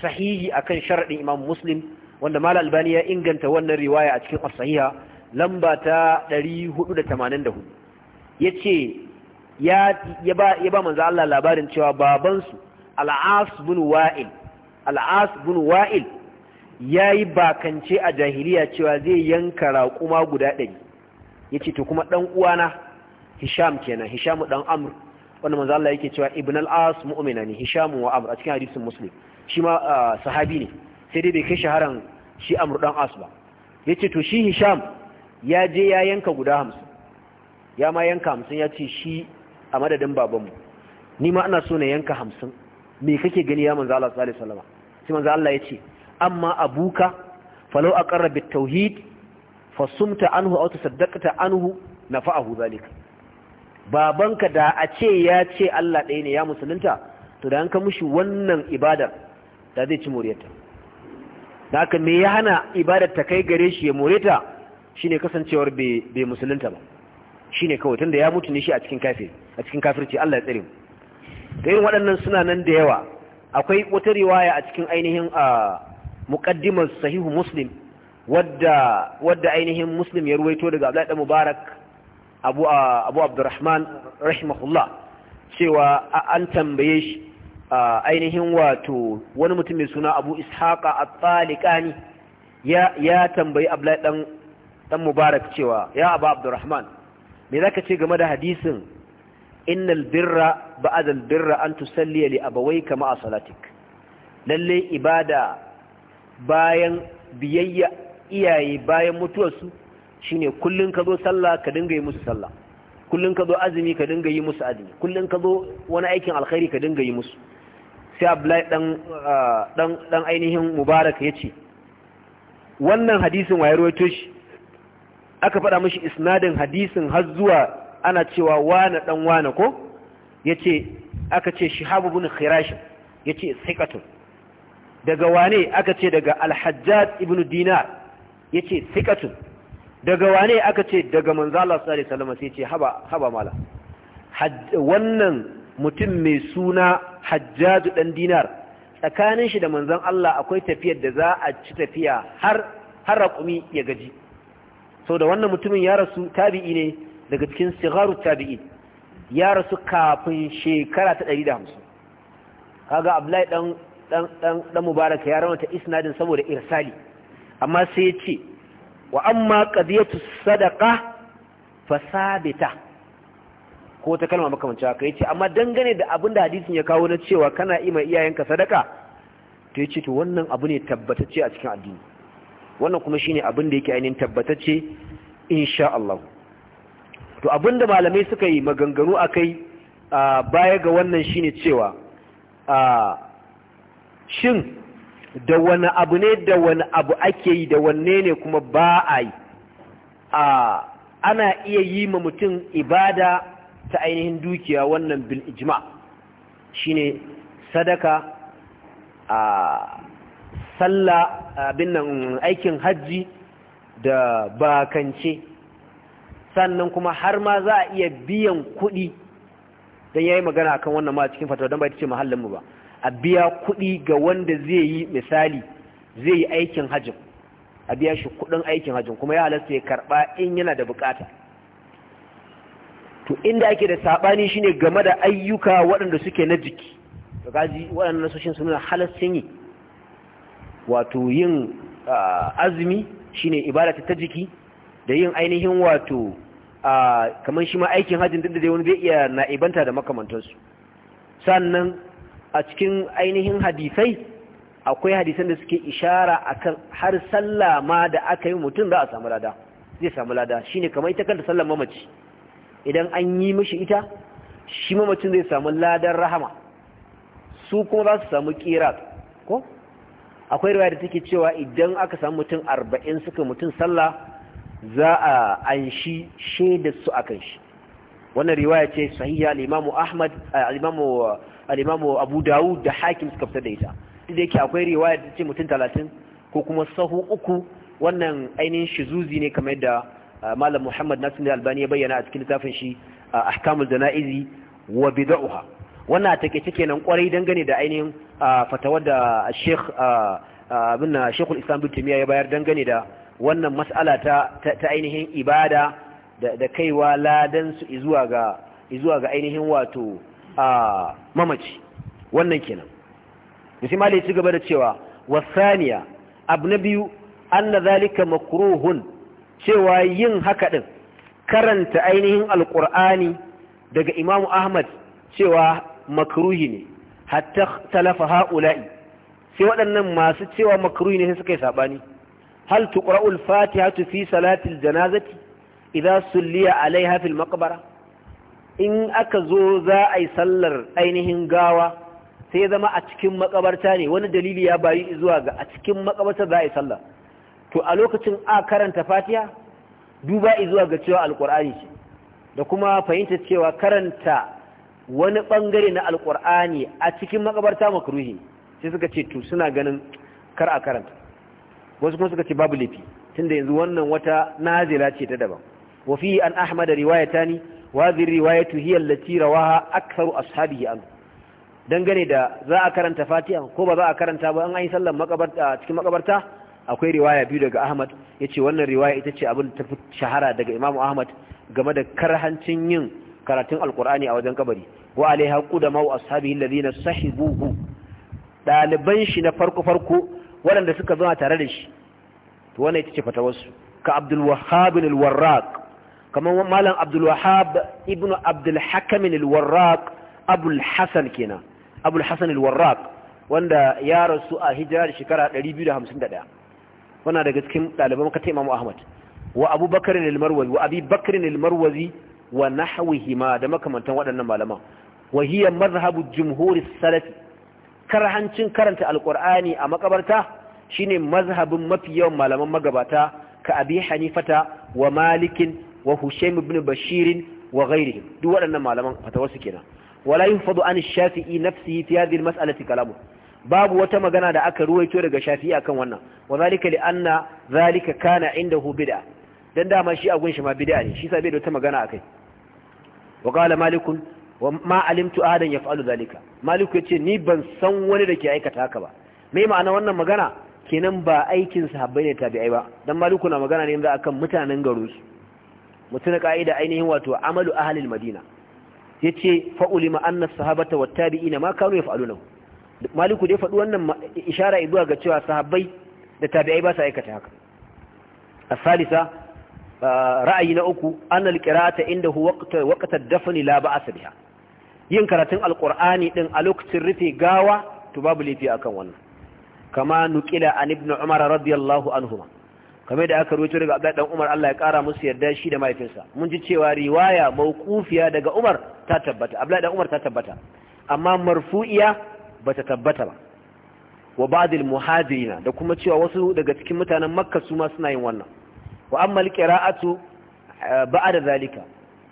sahihi akan sharaɗin Imam Muslim wanda Mal Albani ya inganta wannan riwaya a cikin sahiha lamba ta 484 ya ya ba ya ba manzo Allah labarin cewa babansu Al-As bin Wa'il al bin Wa'il ya yi bakance a jahiliya cewa zai yanka raƙuma guda ɗari ya ce to kuma ɗan uwana hisham kenan hishamu ɗan Amur. wanda manzo Allah yake cewa ibn al-as mu'mina ne hishamu wa amr a cikin hadisin muslim shi ma sahabi ne sai dai bai kai shaharan shi amr ɗan as ba ce to shi hisham ya je ya yanka guda hamsin ya ma yanka hamsin ya ce shi a madadin babanmu ni ma ana so na yanka hamsin me kake gani ya manzo Allah sallallahu alaihi wasallam sai manzo Allah ya ce amma abuka falau a ƙarar tauhid fasumta anhu aw tasaddaqta anhu na nafa'ahu zalika babanka da a ce ya ce Allah ɗaya ne ya musulunta to da an mushi wannan ibadar da zai ci moriyarta da haka me ya hana ibadar ta kai gare shi ya moreta ne kasancewar bai musulunta ba Shi ne kawai tunda ya mutu ne shi a cikin kafir a cikin kafirci Allah ya tsare mu irin waɗannan suna nan da yawa akwai wata riwaya a cikin ainihin a ah, muqaddimar sahihu muslim wadda wadda ainihin muslim ya ruwaito daga Abdullahi dan Mubarak Abu Abu Abdurrahman rahimahullah cewa an tambaye shi ainihin wato wani mutum mai suna Abu Ishaqa At-Taliqani ya ya tambayi Abdullahi dan dan Mubarak cewa ya Abu Abdurrahman me zaka ce game da hadisin innal birra ba'da al-birra an tusalli li abawayka ma'a salatik lalle ibada bayan biyayya iyaye bayan mutuwarsu shine kullum ka zo sallah ka dinga yi musu sallah kullum ka zo azumi ka dinga yi musu azumi kullum ka zo wani aikin alkhairi ka dinga yi musu sai Abdullahi dan ɗan ah, ainihin Mubarak ya ce wannan hadisin waye rawaito shi aka faɗa mashi isnadin hadisin har zuwa ana cewa wane dan wane ko ya ce aka ce shi shihabu bin ce sai katon daga wane aka ce daga alhajjad ibn dinar ya ce sikatun daga wane aka ce daga manzala tsari salama sai ce haba mala wannan mutum mai suna hajjaju ɗan dinar tsakanin shi da manzan Allah akwai tafiyar da za a ci tafiya har rakumi ya gaji sau da wannan mutumin ya rasu tabi'i ne daga cikin sigaru tabi'i ya rasu kafin shekara ta ɗari da 150 kaga Abdullahi ɗan. dan mubaraka ya raunata isnadin saboda irsali amma sai ya ce wa amma qadiyatu sadaqa fa sabita ko ta kalma makamancin haka yace amma dangane da abinda hadisin ya kawo na cewa kana ima iyayenka sadaka to yace to wannan abu ne tabbatacce a cikin addini wannan kuma shine abin da yake ainihin tabbatacce insha Allah to abinda malamai suka yi maganganu akai baya ga wannan shine cewa a shin da wani abu ne da wani abu ake yi da wanne ne kuma ba a yi ana iya yi ma mutum ibada ta ainihin dukiya wannan bil ijma shine sadaka a sallah abin nan aikin hajji da bakance sannan kuma har ma za a iya biyan kuɗi don ya yi magana kan wannan ma cikin fatawa don ba ita ce mahallinmu ba a biya kuɗi ga wanda zai yi misali zai yi aikin hajjin a biya shi kuɗin aikin hajjin kuma ya halasta ya karɓa in yana da bukata to inda ake da saɓani shine game da ayyuka waɗanda suke na jiki to gaji waɗannan nasoshin suna halastin yi wato yin azumi shine ibadata ta jiki da yin ainihin wato kamar shi ma aikin hajjin duk da dai wani zai iya na'ibanta da makamantarsu sannan a cikin ainihin hadisai akwai hadisan da suke ishara akan har sallah ma da aka yi mutum za a samu lada zai samu lada shine kamar ita kanta sallar mamaci idan an yi mishi ita shi mamacin zai samu ladan rahama su kuma za su samu kira ko akwai riwaya da take cewa idan aka samu mutum arba'in suka mutum sallah za a anshi shaidar su akan shi wannan riwaya ce sahiha al-imamu ahmad al-imamu al-imamu abu dawud da hakim suka fitar da ita duk da yake akwai riwaya da ce mutum talatin ko kuma sahu uku wannan ainihin shizuzi ne kamar yadda uh, malam muhammad nasir albani ya bayyana a cikin littafin shi uh, ahkamul jana'izi wa bid'uha wannan take take kenan kwarai dangane da ainihin uh, fatawar da sheikh abin sheikhul islam bin timiya ya bayar dangane da wannan mas'ala ta ta ainihin ibada da kaiwa ladan su zuwa ga ainihin wato a mamaci wannan kenan sai ya ci gaba da cewa wasaniya abu na biyu anna zalika makruhun cewa yin haka din karanta ainihin Alƙur'ani daga imamu ahmad cewa makruhi ne hatta talafa haula'i sai waɗannan masu cewa makruhi ne sai suka yi saɓani hal fatiha fatihatu fi salatil janazati idza sulliya alai fil maqbara in aka zo za a yi sallar ainihin gawa sai zama a cikin makabarta ne wani dalili ya bayi zuwa ga a cikin makabarta za a yi sallah to a lokacin a karanta Fatiya, duba zuwa ga cewa alkur'ani ce da kuma fahimta cewa karanta wani bangare na alkur'ani a cikin makabarta makruhi sai suka ce to suna ganin kar a karanta wasu kuma suka ce babu laifi tunda yanzu wannan wata nazila ce ta daban wa fi an ahmad riwayatani وهذه الرواية هي التي رواها أكثر أصحابه عنه dangane da za a karanta fatiha ko ba za a karanta ba an yi sallar makabarta cikin makabarta akwai riwaya biyu daga Ahmad yace wannan riwaya ita ce abin ta shahara daga Imam Ahmad game da karhancin yin karatun alkur'ani a wajen kabari wa alaiha qudama wa ashabihi alladhina sahibuhu daliban shi na farko farko waɗanda suka zama tare da shi to wannan ita ce fatawarsu ka Abdul Wahhab al-Warraq kamar malam abdul wahab ibnu abdul hakim warraq kenan abul hasan wanda ya rasu a hijira da shekara 251 wannan daga cikin ɗaliban makata imamu ahmad wa abubakar al wa abi bakr wa nahwihima da makamantan waɗannan malaman wa hiya madhhabu jumhur salaf karhancin karanta alqur'ani a makabarta shine mazhabin mafi yawan malaman magabata ka abi hanifata wa malikin wa Hushaym ibn Bashir wa ghayrihim duk waɗannan malaman a wasu kenan wala yufadu an Shafi'i nafsihi fi hadhihi al-mas'alati kalamu babu wata magana da aka ruwaito daga Shafi'i akan wannan wa zalika li anna zalika kana indahu bid'a dan dama shi a gunshi ma bid'a ne shi sa bai da wata magana akai wa qala malikun wa ma alimtu ahadan yaf'alu zalika maliku yace ni ban san wani da ke aikata haka ba me ma'ana wannan magana kenan ba aikin sahabbai ne tabi'ai ba dan maliku na magana ne yanzu akan mutanen garinsu mutuna ka'ida ainihin wato amalu ahlil madina yace fa ulima anna sahabata wat tabi'ina ma kanu yaf'aluna maliku ya faɗi wannan ishara zuwa ga cewa sahabbai da tabi'ai ba su aikata haka asalisa ra'ayi na uku anna alqira'ata indahu waqta waqta ad-dafn la ba'sa biha yin karatun alqur'ani din a lokacin rufe gawa to babu lafi akan wannan kama Nukila an ibn umar radiyallahu anhuma kamar da aka rawaito daga Abdullahi dan Umar Allah ya kara musu yarda shi da mahaifinsa mun ji cewa riwaya mauqufiya daga Umar ta tabbata Abdullahi dan Umar ta tabbata amma marfu'iya bata tabbata ba wa ba'd muhajirina da kuma cewa wasu daga cikin mutanen Makka su ma suna yin wannan wa amma al-qira'atu eh, ba'da zalika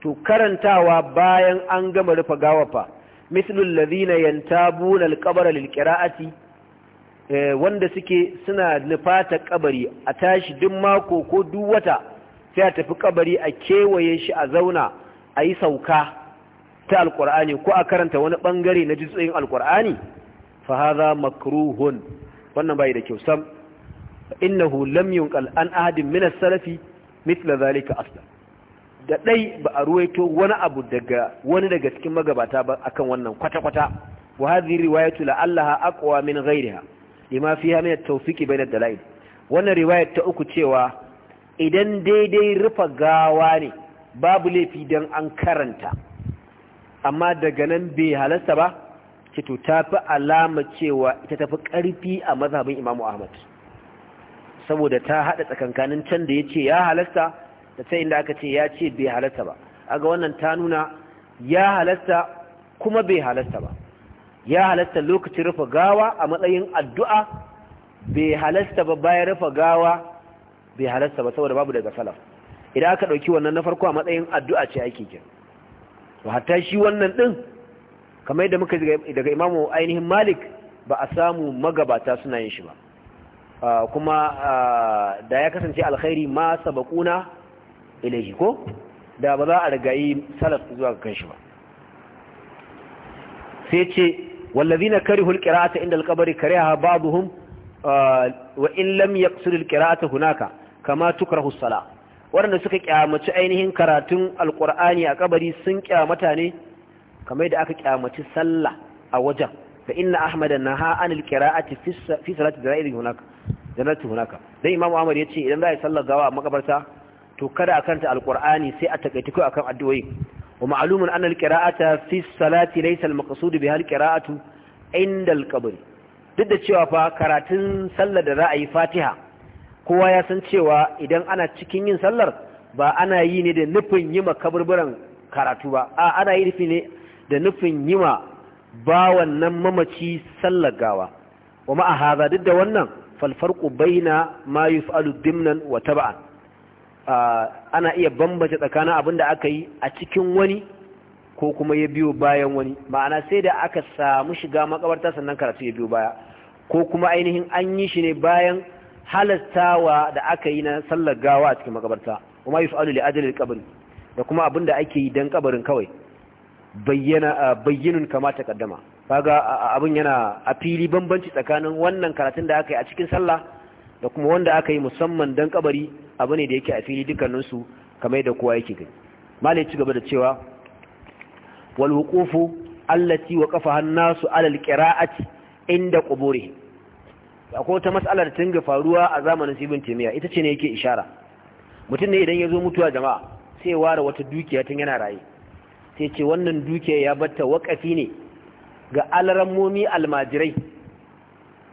to karantawa bayan an gama rufa gawafa mislul ladina yantabuna al-qabra lil-qira'ati Eh, wanda suke suna nufata kabari a tashi duk mako ko duk wata sai a tafi kabari a kewaye shi a zauna a yi sauka ta alkur'ani ko a karanta wani bangare na jitsoyin alkur'ani fa hadha makruhun wannan bai da kyau sam innahu lam yunqal an ahadin min as-salafi mithla zalika asla da dai ba a ruwaito wani abu daga wani daga cikin magabata ba akan wannan kwata kwata wa hadhihi riwayatu la'allaha aqwa min ghayriha lima fiha min at-tawfiqi bayna ad-dalail wannan riwaya ta uku cewa idan daidai rufa gawa ne babu laifi dan an karanta amma daga nan bai halasta ba ce to tafi alama cewa ita tafi karfi a mazhabin Imam Ahmad saboda ta hada tsakankanin can da yace ya halasta da sai inda aka ce ya ce bai halasta ba aga wannan ta nuna ya halasta kuma bai halasta ba ya halatta lokacin rufe gawa a matsayin addu'a bai halasta ba bayan rufe gawa bai halasta ba saboda babu daga salaf idan aka ɗauki wannan na farko a matsayin addu'a ce ake kira to hatta shi wannan ɗin kamar yadda muka daga imamu ainihin malik ba a samu magabata suna yin shi ba kuma da ya kasance alkhairi ma sabakuna ilai ko da ba za a rigayi salaf zuwa kan shi ba sai ce والذين كرهوا القراءة عند القبر كرهها بعضهم وإن لم يقصد القراءة هناك كما تكره الصلاة waɗanda suka kyamaci ainihin karatun alƙur'ani a kabari sun kyamata ne kamar da aka kyamaci sallah a wajen fa inna ahmad naha an alqira'ati fi salati darairi hunaka janatu hunaka dan imamu ahmad yace idan za a sallar gawa a makabarta to kada a karanta alkur'ani sai a takaita kai akan addu'o'i ومعلوم أن القراءة في الصلاة ليس المقصود بها القراءة عند القبر duk da cewa fa karatun sallar da za a yi fatiha kowa ya san cewa idan ana cikin yin sallar ba ana yi ne da nufin yi ma kaburburan karatu ba a ana yi nufi ne da nufin yi ma ba wannan mamaci sallar gawa wa ma'a haza duk da wannan falfarku baina ma yuf'alu dimnan wa taba'an ana iya bambance tsakanin abin da aka yi a cikin wani ko kuma ya biyo bayan wani ma'ana sai da aka samu shiga makabarta sannan karatu ya biyo baya ko kuma ainihin an yi shi ne bayan halastawa da aka yi na sallar gawa a cikin makabarta kuma yi su'alu li ajalil kabari da kuma abin da ake yi don kabarin kawai bayyana bayyinun kama ta kaddama kaga abin yana a fili bambanci tsakanin wannan karatun da aka yi a cikin sallah da kuma wanda aka yi musamman don kabari abu ne da yake a fili dukkaninsu kamar da kowa yake gani malai ci gaba da cewa wal wuqufu wa kafa hannasu alal kira a qiraati inda kubore akwai wata mas'alar da ga faruwa a zamanin sibin temiya ita ce ne yake ishara mutum ne idan ya zo mutuwa jama'a sai ware wata dukiya tun yana raye sai ce wannan dukiya ya batta wakafi ne ga alarammomi almajirai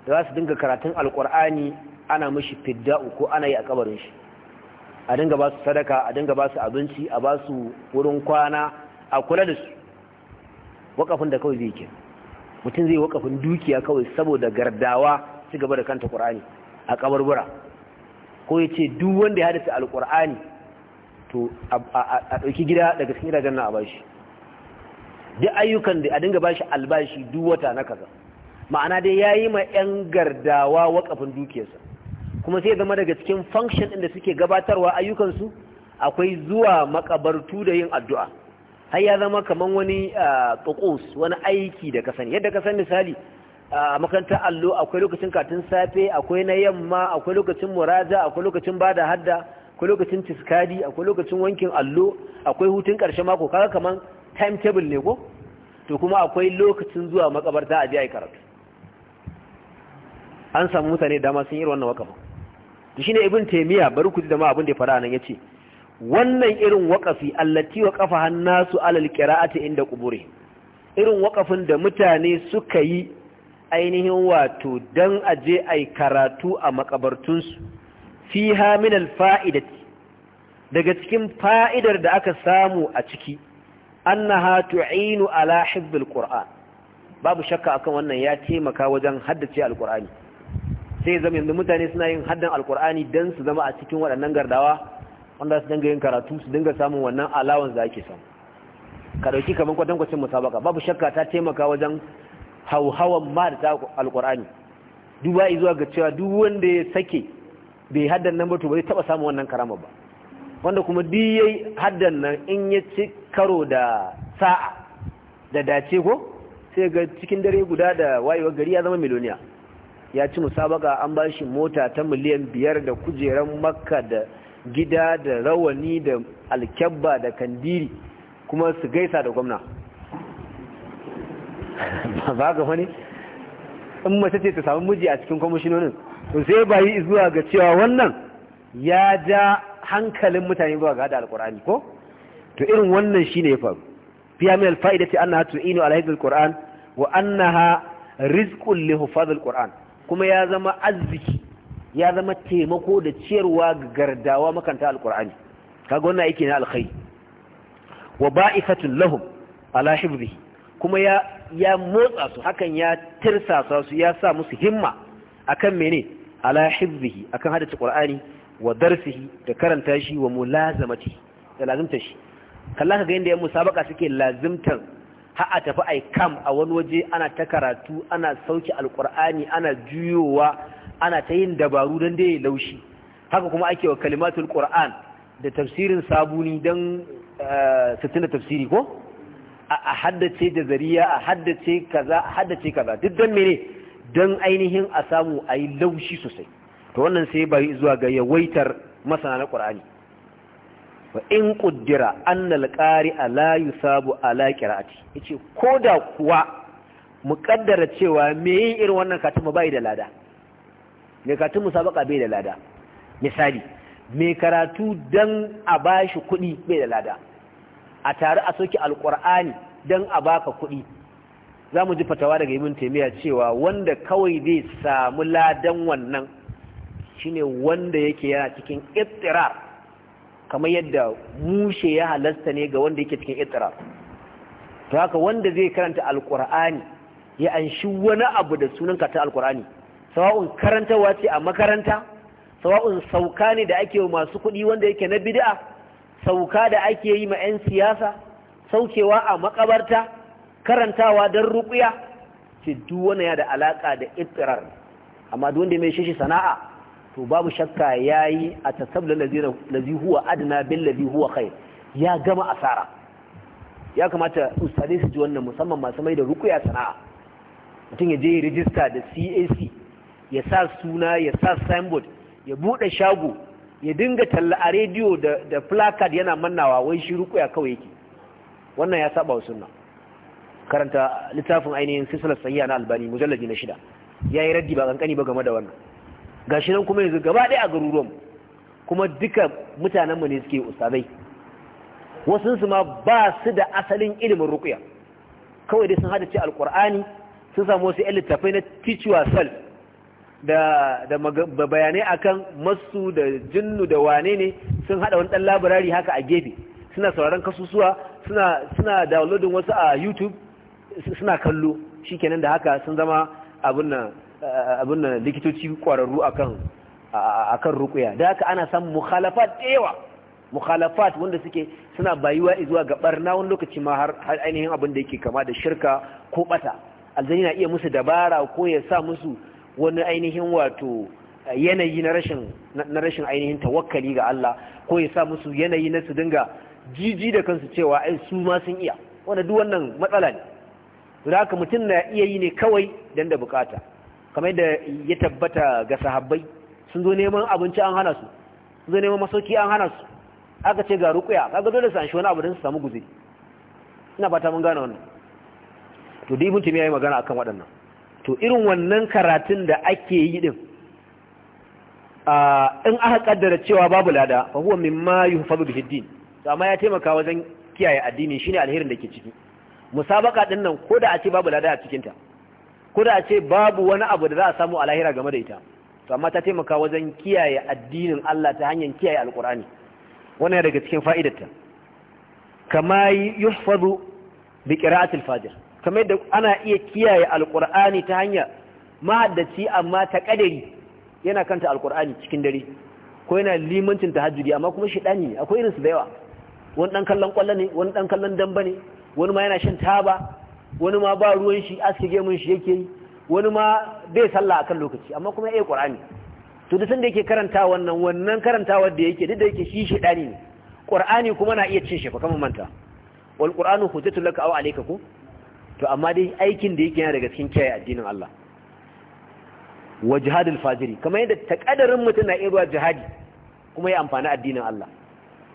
da za su dinga karatun alkur'ani ana mashi fidda ko ana yi a kabarin shi a dinga ba su sadaka a dinga ba su abinci a ba su wurin kwana a kula da su wakafin da kawai zai ke mutum zai wakafin dukiya kawai saboda gardawa su gaba da kanta ƙur'ani a kabarbura ko ya ce duk wanda ya hadasa alƙur'ani to a ɗauki gida daga cikin gidajen na a shi. duk ayyukan da a dinga bashi albashi duk wata na kaza ma'ana dai ya yi ma 'yan gardawa wakafin dukiyarsa kuma sai zama daga cikin function ɗin da suke gabatarwa ayyukansu akwai zuwa makabartu da yin addu'a har ya zama kamar wani ƙaƙos wani aiki da kasan yadda kasan misali a makarantar allo akwai lokacin katin safe akwai na yamma akwai lokacin muraja akwai lokacin ba da hadda akwai lokacin tiskadi akwai lokacin wankin allo akwai hutun ƙarshen mako kaga kamar timetable ne ko to kuma akwai lokacin zuwa makabarta a je a yi karatu an samu mutane dama sun yi wannan wakafin to shine ibn taymiya bari ku ji da ma abin da ya fara nan yace wannan irin waqafi allati waqafa hannasu alal qira'ati inda quburi irin waqafin da mutane suka yi ainihin wato dan aje ai karatu a makabartunsu fiha min alfa'idati daga cikin fa'idar da aka samu a ciki annaha tu'inu ala hibbil qur'an babu shakka akan wannan ya taimaka wajen haddace alqur'ani sai zama yanzu mutane suna yin haddan alkur'ani don su zama a cikin waɗannan gardawa wanda su dinga yin karatu su dinga samun wannan alawan da ake samu ka ɗauki kamar kwatankwacin musabaka babu shakka ta taimaka wajen hauhawan ma da ta alkur'ani duba zuwa ga cewa duk wanda ya sake bai haddan nan ba to bai taɓa samun wannan karama ba wanda kuma duk yi haddan nan in ya ci karo da sa'a da dace ko sai ga cikin dare guda da wayewar gari ya zama miliyoniya ya ci musabaka an ba shi mota ta miliyan biyar da kujeran makka da gida da rawani da alkyabba da kandiri kuma su gaisa da gwamna ba ga wani in mace ce ta samu miji a cikin kwamishinonin to sai ba yi zuwa ga cewa wannan ya ja hankalin mutane zuwa ga hada alkur'ani ko to irin wannan shine ya faru fiya min an na hatu ala alhaifin alkur'an wa annaha rizqun li hufadhil qur'an kuma ya zama arziki ya zama taimako da ciyarwa ga gardawa makanta alkur'ani kaga wannan yake na alkhairi wa ba'ifatun lahum ala hifdhi kuma ya ya motsa su hakan ya tirsasa su ya sa musu himma akan mene ala hifdhi akan hadda qur'ani wa darsihi da karanta shi wa mulazamati da lazimta shi kallaka kaga yanda yan musabaka suke lazimtar har a tafi ai kam a wani waje ana ta karatu ana sauki alkur'ani ana juyowa ana ta yin dabaru don dai laushi haka kuma ake wa kalimatul qur'an da tafsirin sabuni don eh, sittin tafsiri ko a haddace da zariya a haddace kaza a haddace kaza duk don mene don ainihin a samu a yi laushi sosai to wannan sai bayi zuwa ga yawaitar masana na qur'ani wa in ƙuddira annal qari'a la yusabu ala qira'ati ko da kuwa muqaddara cewa me yin irin wannan katuma bai da lada me katuma sabaka bai da lada misali me karatu dan a ba shi kuɗi bai da lada a tare a soki Alƙur'ani dan a baka kuɗi za mu ji fatawa daga ibn taymiya cewa wanda kawai zai samu ladan wannan shine wanda yake yana cikin iftirar kamar yadda mushe ya halasta ne ga wanda yake cikin itira ta haka wanda zai karanta alkur'ani ya anshi wani abu da sunan ta alkur'ani sawa'un karantarwa ce a makaranta sawa'un sauka ne da ake wa masu kuɗi wanda yake na bid'a sauka da ake yi ma 'yan siyasa saukewa a makabarta karantawa don rukuya ce duwana ya da alaka da itirar amma duk wanda mai shi sana'a to babu shakka yayi a tasabla lazi huwa adna bil lazi huwa khair ya gama asara ya kamata ustadai su ji wannan musamman masu mai da rukuya sana'a mutum ya je ya rijista da CAC ya sa suna ya sa signboard ya bude shago ya dinga talla a rediyo da da placard yana mannawa wai shi rukuya kawai yake wannan ya saba wa sunna karanta littafin ainihin sisalar sahiha na albani mujallaji na shida Ya yi raddi ba kankani ba game da wannan gashi nan kuma yanzu gaba ɗaya a garuruwan kuma duka mutanenmu ne suke ustazai wasu su ma ba su da asalin ilimin rukuya kawai dai sun hada ce alkur'ani sun samu wasu 'yan littafai na teach yourself da da bayanai akan masu da jinnu da wane ne sun hada wani dan labarari haka a gefe suna sauraron kasusuwa suna suna wasu a YouTube suna kallo shikenan da haka sun zama abin nan abin da likitoci kwararru akan akan rukuya da haka ana samun mukhalafat yawa mukhalafat wanda suke suna bayuwa zuwa ga barna wani lokaci ma har ainihin abin da yake kama da shirka ko bata aljani na iya musu dabara ko ya sa musu wani ainihin wato yanayi na rashin ainihin tawakkali ga Allah ko ya sa musu yanayi na su dinga jiji da kansu cewa ai su ma sun iya wanda duk wannan matsala ne da haka mutum na iya yi ne kawai dan da bukata kamar da ya tabbata ga sahabbai sun zo neman abinci an hana su sun zo neman masauki an hana su aka ce ga rukuya kaga dole su an shi wani abu don su samu guzi ina fata mun gane wannan to dai mun tumi yayi magana akan waɗannan to irin wannan karatun da ake yi din in aka kaddara cewa babu lada fa huwa mimma yuhfazu bihi din to amma ya taimaka wajen kiyaye addini shine alherin da ke ciki musabaka din nan ko da a ce babu lada a cikin ta kuda ce babu wani abu da za a samu alahira game da ita to amma ta taimaka wajen kiyaye addinin Allah ta hanyar kiyaye alkur'ani wannan daga cikin fa'idarta kama yuhfazu bi qira'atil fajr kamar yadda ana iya kiyaye alkur'ani ta hanyar mahaddaci amma ta kadari yana kanta alkur'ani cikin dare ko yana limancin tahajjudi amma kuma shedani ne akwai irin su da yawa wani dan kallon kwallo ne wani dan kallon damba ne wani ma yana shan taba wani ma ba ruwan shi aske gemun shi yake yi wani ma bai sallah akan lokaci amma kuma ya yi qur'ani to duk sanda yake karanta wannan wannan karanta wanda yake duk da yake shi ɗani ne qur'ani kuma na iya cin shi kamar manta wal qur'anu hujjatul laka aw alayka ku to amma dai aikin da yake yana daga cikin kiyaye addinin Allah wa fajiri kamar yadda takadarin mutum na iya jihadi kuma ya amfani addinin Allah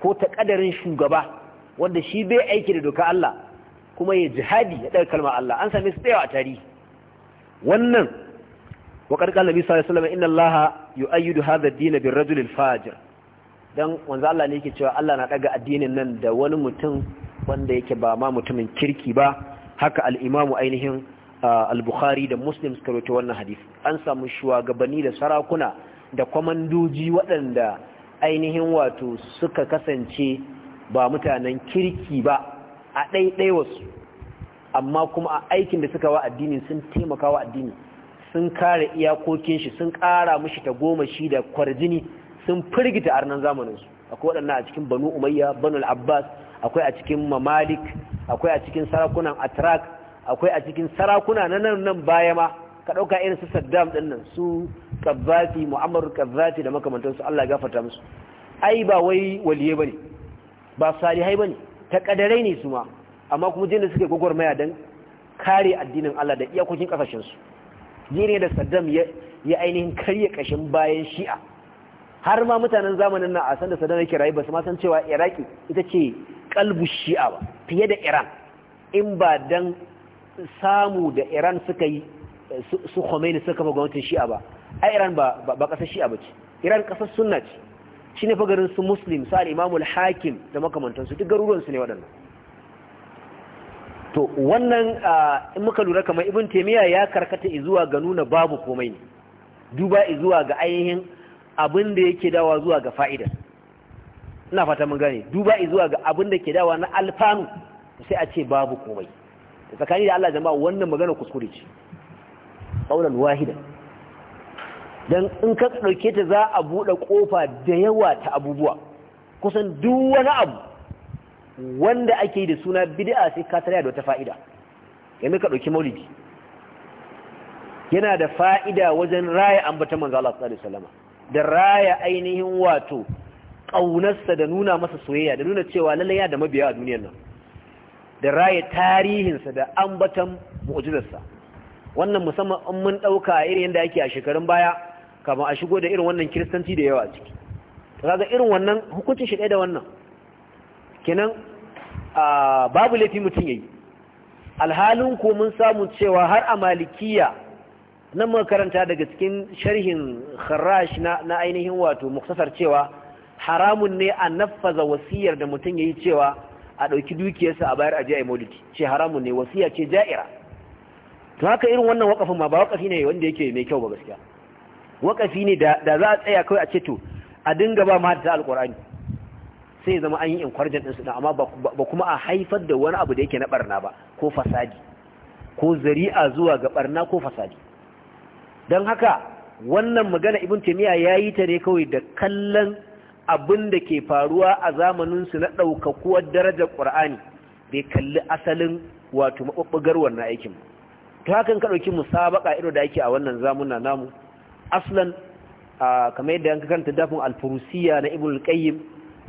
ko takadarin shugaba wanda shi bai aiki da doka Allah kuma ya jihadi ya ɗaga kalmar Allah an sami su da a tarihi wannan wa karkar nabi sallallahu alaihi inna Allah yu'ayyidu hadha ad-din bir rajul al-fajir dan wanzu Allah ne yake cewa Allah na ɗaga addinin nan da wani mutum wanda yake ba ma mutumin kirki ba haka alimamu ainihin al-bukhari da muslim suka rawaito wannan hadith an samu shuwagabanni da sarakuna da kwamandoji waɗanda ainihin wato suka kasance ba mutanen kirki ba a ɗaiɗai wasu amma kuma a aikin da suka wa addini sun taimaka wa addini, sun kare iyakokin shi sun ƙara mushi ta goma shi da kwarjini sun firgita arnan zamaninsu akwai waɗannan a cikin banu umayya banu al'abbas abbas akwai a cikin mamalik akwai a cikin sarakunan atrak akwai a cikin sarakuna na nan nan baya ma ka ɗauka irin su saddam ɗin nan su kaddafi mu'amaru kaddafi da makamantansu allah ya gafarta musu ai ba wai waliye ba ne, ba salihai ne. ta kadarai ne su ma amma kuma jini da suke gwagwarmaya don kare addinin Allah da iyakokin kasashensu jini da Saddam ya ainihin karya kashin bayan shi'a har ma mutanen zamanin na a san da Saddam yake rayu ba su ma san cewa Iraki ita ce kalbu shi'a ba fiye da Iran in ba dan samu da Iran suka yi su Khomeini suka ba gwamnatin shi'a ba ai Iran ba ƙasar shi'a ba ce Iran kasar sunna ce shi ne fagarin su muslim su imamul hakim da makamantansu duk garuruwansu ne waɗannan to wannan in muka lura kamar ibn taimiyya ya karkata izuwa ga nuna babu komai ne duba izuwa ga ainihin abin da yake dawa zuwa ga fa'idar ina fata mun gane duba izuwa ga abin da ke dawa na alfanu sai a ce babu komai tsakani da Allah jama'a wannan magana kuskure ce qaulan wahidan Dan in ka ɗauke ta za a buɗe ƙofa da yawa ta abubuwa kusan duk wani abu wanda ake da suna bid'a sai ka tare da wata fa'ida yanzu ka ɗauki maulidi yana da fa'ida wajen raya ambata manzo Allah sallallahu alaihi wasallam da raya ainihin wato ƙaunarsa da nuna masa soyayya da nuna cewa lalle ya da mabiya a duniyar nan da raya tarihinsa da ambatan mu'jizarsa wannan musamman in mun ɗauka irin yadda ake a shekarun baya kama a shigo da irin wannan kiristanci da yawa ciki ga irin wannan hukuncin shi da wannan kenan babu laifi mutum yayi alhalin ko mun samu cewa har a malikiya nan muka karanta daga cikin sharhin kharash na, ainihin wato muktasar cewa haramun ne a naffaza wasiyar da mutum ya yi cewa a ɗauki dukiyarsa a bayar ajiya maulidi ce haramun ne wasiya ce ja'ira to haka irin wannan wakafin ma ba wakafi ne wanda yake mai kyau ba gaskiya wakafi ne da za a tsaya kawai a ce to a dinga ba mata alkur'ani sai zama an yi inkwarjin ɗinsu amma ba kuma a haifar da wani abu da yake na barna ba ko fasadi ko zari'a zuwa ga barna ko fasadi don haka wannan magana ibn taimiyya ya yi ta ne kawai da kallon abin da ke faruwa a zamanin su na ɗaukakuwar darajar ƙur'ani bai kalli asalin wato maɓaɓɓagar wannan aikin ta hakan ka ɗauki musabaƙa ido da ake a wannan zamuna namu aslan kamar yadda yanka karanta dafin alfurusiya na ibn al-qayyim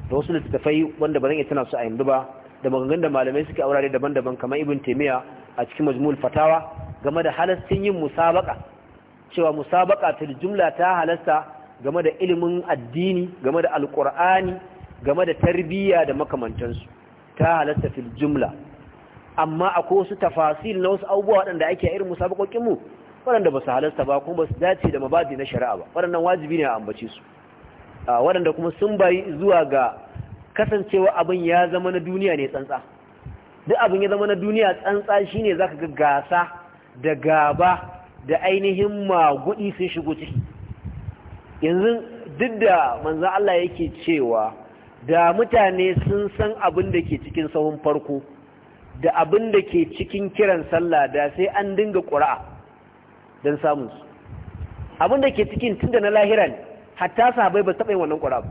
da wasu littattafai wanda ba zan iya tana su a yanzu ba da maganganun da malamai suke aurare daban-daban kamar ibn taimiyya a cikin majmul fatawa game da halastin yin musabaka cewa musabaka ta jumla ta halasta game da ilimin addini game da alkur'ani game da tarbiyya da makamantansu ta halasta fil jumla amma akwai wasu tafasil na wasu abubuwa waɗanda ake a irin musabakokinmu waɗanda ba su halasta ba kuma ba su dace da mabadi na shari'a ba waɗannan wajibi ne a ambace su waɗanda kuma sun bayi zuwa ga kasancewa abin ya zama na duniya ne tsantsa duk abin ya zama na duniya tsantsa shi ne za ka ga gasa da gaba da ainihin magudi sun shigo ciki yanzu duk da manzon Allah yake cewa da mutane sun san abin da ke cikin sahun farko da abin da ke cikin kiran sallah da sai an dinga ƙura'a don samun su abin da ke cikin tun da na lahira ne hatta haɓai ba taɓa yin wannan ƙura ba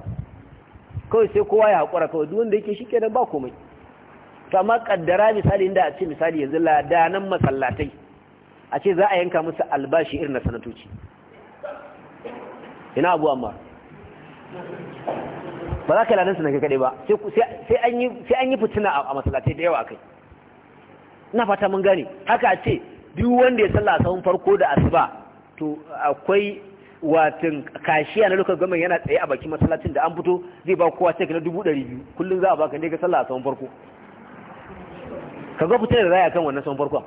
kawai sai kowa ya haƙura kawai duk wanda yake nan ba komai to amma ƙaddara misali inda a ce misali yanzu ladanan masallatai a ce za a yanka musu albashi irin na sanatoci ina abu amma ba za ka ladan su na kaɗai ba sai an yi fitina a masallatai da yawa kai. ina fata mun gane haka a ce duk wanda ya sallah sahun farko da asuba to akwai watin kashiya na lokacin gwamnati yana tsaye a bakin masallacin da an fito zai ba kowa cek na dubu ɗari biyu kullum za a baka ne ka sallah a sahun farko ka ga fitar da raya kan wannan sahun farkon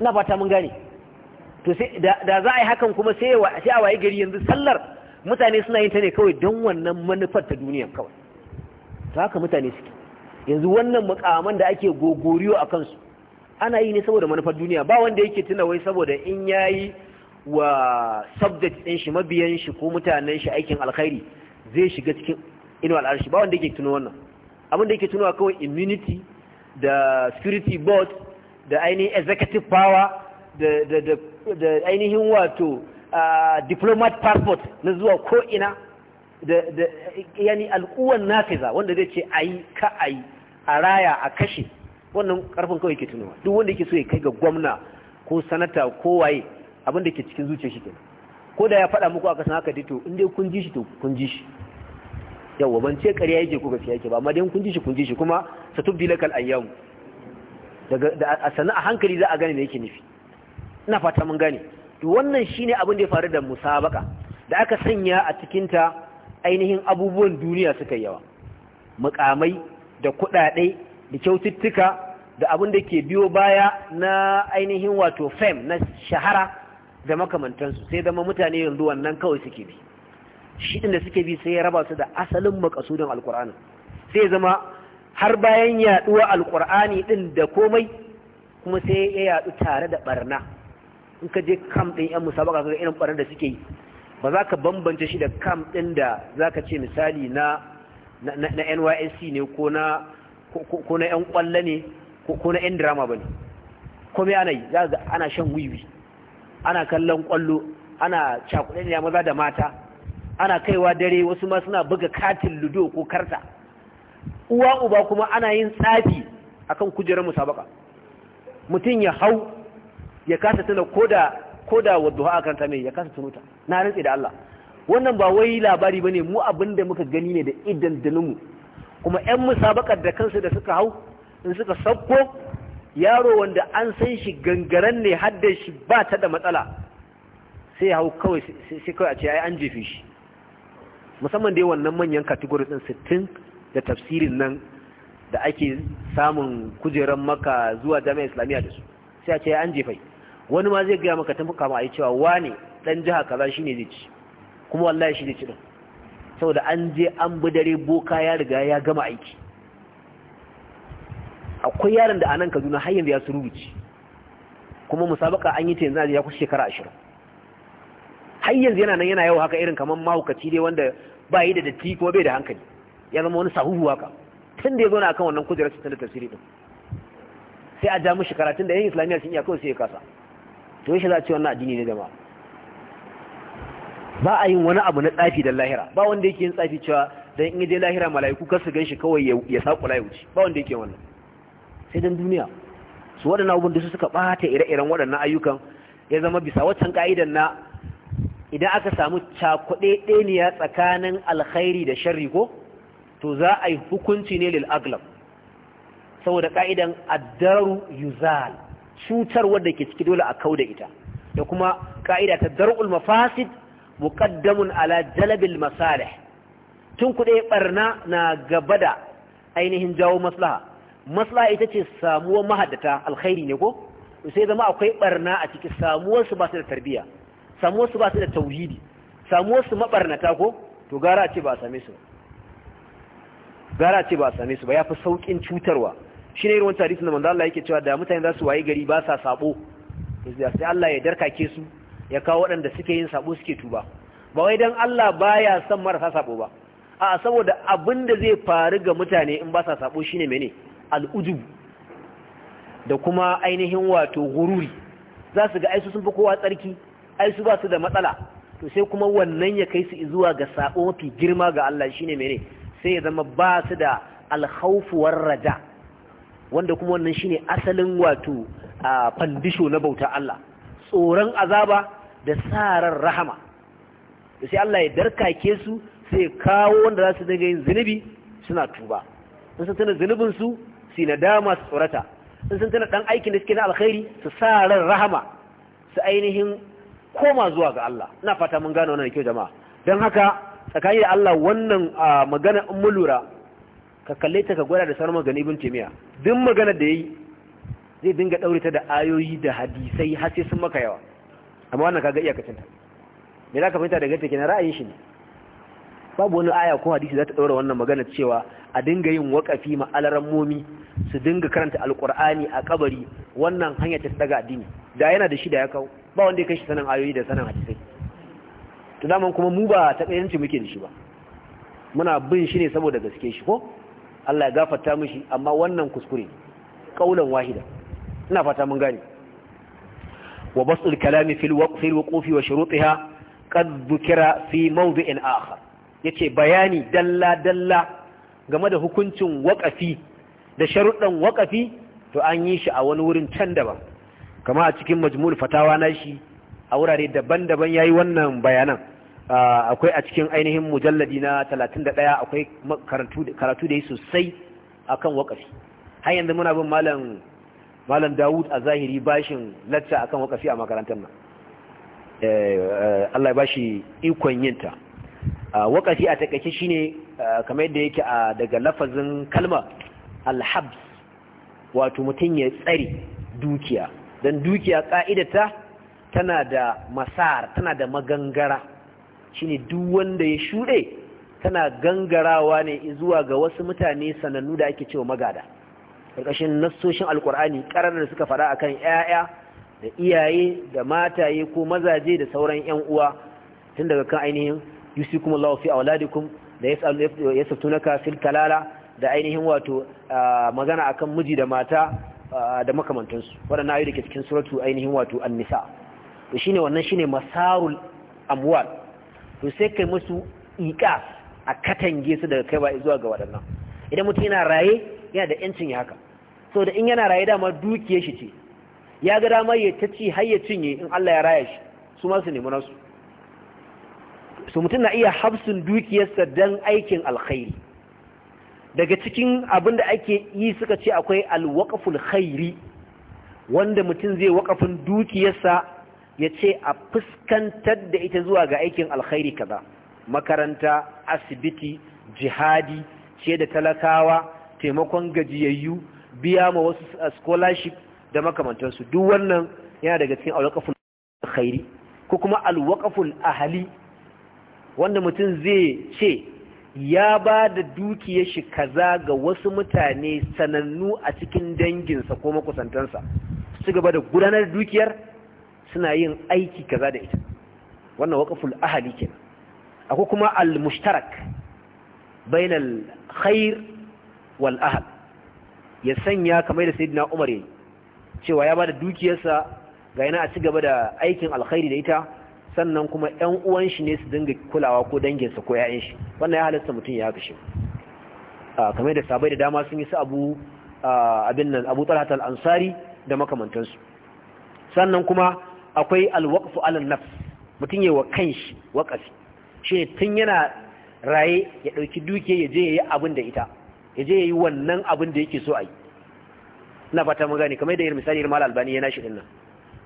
ina fata mun gane to sai da za a yi hakan kuma sai a waye gari yanzu sallar mutane suna yin ta ne kawai don wannan manufar ta duniya kawai ta haka mutane suke yanzu wannan mukaman da ake gogoriyo a kansu ana yi ne saboda manufar duniya ba wanda yake tuna wai saboda in yayi wa subject ɗin shi mabiyan shi ko mutanen shi aikin alkhairi zai shiga cikin inu al'arshi ba wanda yake tuna wannan abin yake tunowa kawai immunity da security board da ainihin executive power da ainihin wato diplomat passport na zuwa ko'ina da yani al'uwan nafiza wanda zai ce ayi ka ayi a raya a kashe wannan karfin kawai yake tunawa duk wanda yake so ya kai ga gwamna ko sanata ko waye abin da ke cikin zuciya shi kenan ko da ya faɗa muku aka san haka dito in dai kun ji shi to kun ji shi yawa ban ce ƙarya yake ko gaskiya yake ba amma dai kun ji shi kun ji shi kuma satub lakal ayyam daga a sana a hankali za a gane me yake nufi ina fata mun gane to wannan shine abin da ya faru da musabaka da aka sanya a cikin ta ainihin abubuwan duniya suka yawa mukamai da kuɗaɗe da kyaututtuka da abin da ke biyo baya na ainihin wato fem na shahara da makamantansu sai zama mutane yanzu wannan kawai suke bi shi da suke bi sai ya raba su da asalin makasudin alkur'ani sai zama har bayan yaduwa alkur'ani din da komai kuma sai ya yadu tare da barna in ka je kam din yan musabaka ga irin barna da suke yi ba za ka bambance shi da kam din da za ka ce misali na na NYSC ne ko na ko na yan kwalla ne ko na 'yan drama ba ne kome ana yi za ga ana shan wiwi ana kallon kwallo ana cakudin ya maza da mata ana kaiwa dare wasu ma suna buga katin ludo ko karta uwa uba kuma ana yin tsafi akan kujerar musabaka mutum ya hau ya kasa tuna koda koda wadda a karanta mai ya kasa tunuta na rantse da Allah wannan ba wai labari bane mu abinda muka gani ne da idan mu, kuma 'yan musabakar da kansu da suka hau in suka sauko yaro wanda an san shi gangaren ne hadda shi ba ta da matsala sai hau kawai sai kawai a ce ai an jefe shi musamman dai wannan manyan kategori din 60 da tafsirin nan da ake samun kujeran maka zuwa jami'a islamiyya da su sai a ce an jefai wani ma zai gaya maka tun kama a yi cewa wane dan jiha kaza shine zai ci kuma wallahi shi zai ci don saboda an je an bi dare boka ya riga ya gama aiki akwai yaron da anan kaduna har yanzu ya sururuci kuma musabaka an yi ta yanzu ya kusa shekara ashirin har yanzu yana nan yana yawo haka irin kamar mahaukaci dai wanda ba yi da datti kuma bai da hankali ya zama wani sahuhu haka tun da ya zo na akan wannan kujerar cikin da tafsiri din sai a ja shekara tun da yan islamiyya sun iya kawai sai ya kasa to yaushe za a ce wannan addini ne jama'a ba a yin wani abu na tsafi da lahira ba wanda yake yin tsafi cewa dan in je lahira mala'iku kar su ganshi kawai ya sakula ya wuce ba wanda yake wannan sai don duniya su waɗanda abubuwan da su suka ɓata ire-iren waɗannan ayyukan ya zama bisa waccan ka'idan na idan aka samu cakuɗeɗeniya tsakanin alkhairi da sharri ko to za a yi hukunci ne lil aglab saboda ka'idan addaru yuzal cutar wadda ke ciki dole a kauda ita da kuma ƙa'ida ta dar'ul mafasid muqaddamun ala jalabil masalih tun kuɗe ɓarna na gaba da ainihin jawo maslaha maslaha ita ce samuwar mahaddata alkhairi ne ko sai zama akwai barna a ciki samuwar su ba su da tarbiyya samuwar su ba su da tauhidi samuwar su mabarnata ko to gara a ce ba a same su gara a ce ba a same su ba yafi saukin cutarwa shine irin wannan hadisin da manzo Allah yake cewa da mutane za su waye gari ba sa sabo sai Allah ya darkake su ya kawo waɗanda suke yin sabo suke tuba ba wai dan Allah baya son marasa sabo ba a saboda abinda da zai faru ga mutane in ba sa sabo shine mene al'ujubu da kuma ainihin wato gururi za su ga aisu sun fi kowa tsarki aisu ba su da matsala to sai kuma wannan ya kai su zuwa ga sabo mafi girma ga Allah shine mene sai ya zama ba su da alhaufuwar raja wanda kuma wannan shine asalin wato a fandisho na bauta Allah tsoron azaba da sarar rahama da sai Allah ya ke su sai kawo wanda za su dinga yin zunubi suna tuba in sun tana zunubin su su nadama su tsorata in sun tana dan aikin da suke na alkhairi su sa ran rahama su ainihin koma zuwa ga Allah ina fata mun gane wannan kyau jama'a don haka tsakani da Allah wannan magana in mu lura ka kalle ta ka gwada da sauran magana ibn timiya duk magana da yayi zai dinga daure ta da ayoyi da hadisai har sai sun maka yawa amma wannan kaga iyakacinta me za ka fahimta daga take na ra'ayin shi ne babu wani aya ko hadisi za ta ɗaura wannan magana cewa a dinga yin waƙafi ma'alaran momi su dinga karanta alƙur'ani a kabari wannan hanyar ta daga addini da yana da shi da ya kawo ba wanda ya kai shi sanin ayoyi da sanin hadisai to daman kuma mu ba ta ƙayyanci muke da shi ba muna bin shi ne saboda gaske shi ko Allah ya gafarta mishi amma wannan kuskure kaulan wahida ina fata mun gane wa basul kalami fil waqfi wa shurutiha qad dhukira fi mawdi'in akhar yace bayani dalla dalla game da hukuncin wakafi da sharuɗan wakafi to an yi shi a wani wurin can daban kama a cikin majmul fatawa na shi a wurare daban-daban yi wannan bayanan akwai a cikin ainihin mujalladi na 31 akwai karatu da yi sosai akan waƙafi har yanzu muna bin malam malam Dawud a zahiri bashin lacca akan waƙafi a makarantar nan eh, eh, Allah ya bashi ikon yinta wakafi a takaice shine kamar yadda yake daga lafazin kalma alhabs wato mutum ya tsare dukiya don dukiya ka'idata tana da masar tana da magangara shine duk wanda ya shuɗe tana gangarawa ne zuwa ga wasu mutane sanannu da ake cewa magada ƙarƙashin nassoshin alkur'ani ƙarar da suka faɗa akan 'ya'ya da iyaye da mataye ko mazaje da sauran 'yan uwa tun daga kan ainihin yusikum Allah fi awladikum da yasaftunaka fil kalala da ainihin wato magana akan miji da mata da makamantansu waɗannan ayoyi da ke cikin suratu ainihin wato an-nisa to shine wannan shine masarul amwal to sai kai musu iqas a katange su daga kai ba zuwa ga waɗannan idan mutum yana raye yana da yancin ya haka so da in yana raye dama dukiyar shi ce ya ga dama ya ta ci har ya cinye in Allah ya raya shi su ma su nemi nasu so mutum na iya hafsun dukiyarsa don aikin alkhairi daga cikin abin da ake yi suka ce akwai alwakaful khairi wanda mutum zai wakafin dukiyarsa ya ce a fuskantar da ita zuwa ga aikin alkhairi kaza makaranta asibiti jihadi ce da talakawa taimakon gajiyayyu biya ma wasu scholarship da makamantarsu duk wannan yana daga cikin alwakaful khairi ko kuma alwakaful ahali wanda mutum zai ce ya ba da dukiyar shi kaza ga wasu mutane sanannu a cikin danginsa ko makusantansa su gaba da gudanar dukiyar suna yin aiki kaza da ita wannan waƙaful ahali ke akwai kuma al-mushtarak bainal khair wal ahl ya sanya kamar da sayyidina Umar yayi cewa ya da dukiyarsa ga yana a gaba da aikin alkhairi da ita sannan kuma 'yan uwan shi ne su dinga kulawa ko danginsa, ko yayan shi wannan ya halatta mutum ya kashe kamar da sabai da dama sun yi su abu abin nan Abu al-Ansari da makamantansu sannan kuma akwai al alan 'ala an-nafs mutum yi wa kanshi shi ne tun yana raye ya dauki duke ya je yayi abin da ita ya je yayi wannan abin da yake so a yi na fata magani kamar da yin misali irin Mal Albani yana shi dinnan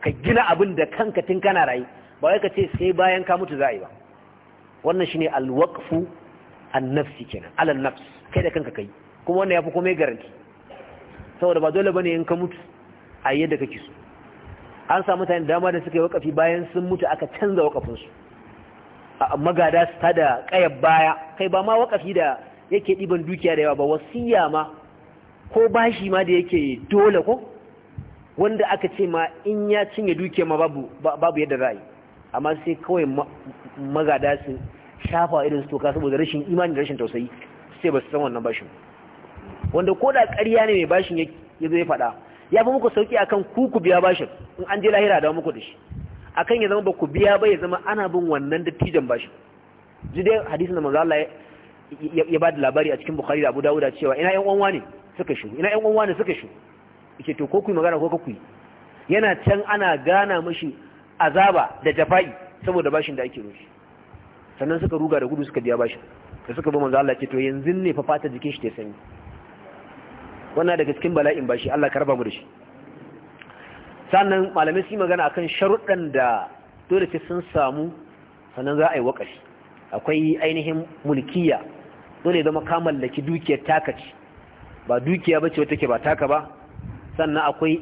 ka gina abin da kanka tun kana raye ba wai ka ce sai bayan ka mutu za a yi ba wannan shine alwaqfu an-nafsi kenan ala nafs kai da kanka kai kuma wannan yafi komai garanti saboda ba dole ne in ka mutu a yadda kake so an samu mutane dama da suka yi wakafi bayan sun mutu aka canza wakafin su magada su tada kayar baya kai ba ma wakafi da yake ɗiban dukiya da yawa ba wasiya ma ko bashi ma da yake dole ko wanda aka ce ma in ya cinye dukiya ma babu babu yadda za amma sai kawai magada su shafa irin su toka saboda rashin imani da rashin tausayi sai ba su san wannan bashin wanda ko da ƙarya ne mai bashin ya zo ya faɗa ya fi muku sauƙi akan ku ku biya bashin in an je lahira da muku da shi akan ya zama ba ku biya ba ya zama ana bin wannan dattijan bashin ji dai hadisin da manzo Allah ya ba da labari a cikin Bukhari da Abu Dawud cewa ina ƴan uwan ne suka shi ina ƴan uwan ne suka shi yace to ko ku magana ko ka ku yana can ana gana mashi azaba da jafa'i saboda bashin da ake roshi sannan suka ruga da gudu suka biya bashin da suka bi manzo Allah ce to yanzu ne fa fata jikin shi ta sanyi wannan daga cikin bala'in bashi Allah karba mu da shi sannan malamai su yi magana akan sharuɗan da dole sai sun samu sannan za a yi waƙashi akwai ainihin mulkiya dole zama ka mallaki dukiyar taka ce ba dukiya ba ce wata ke ba taka ba sannan akwai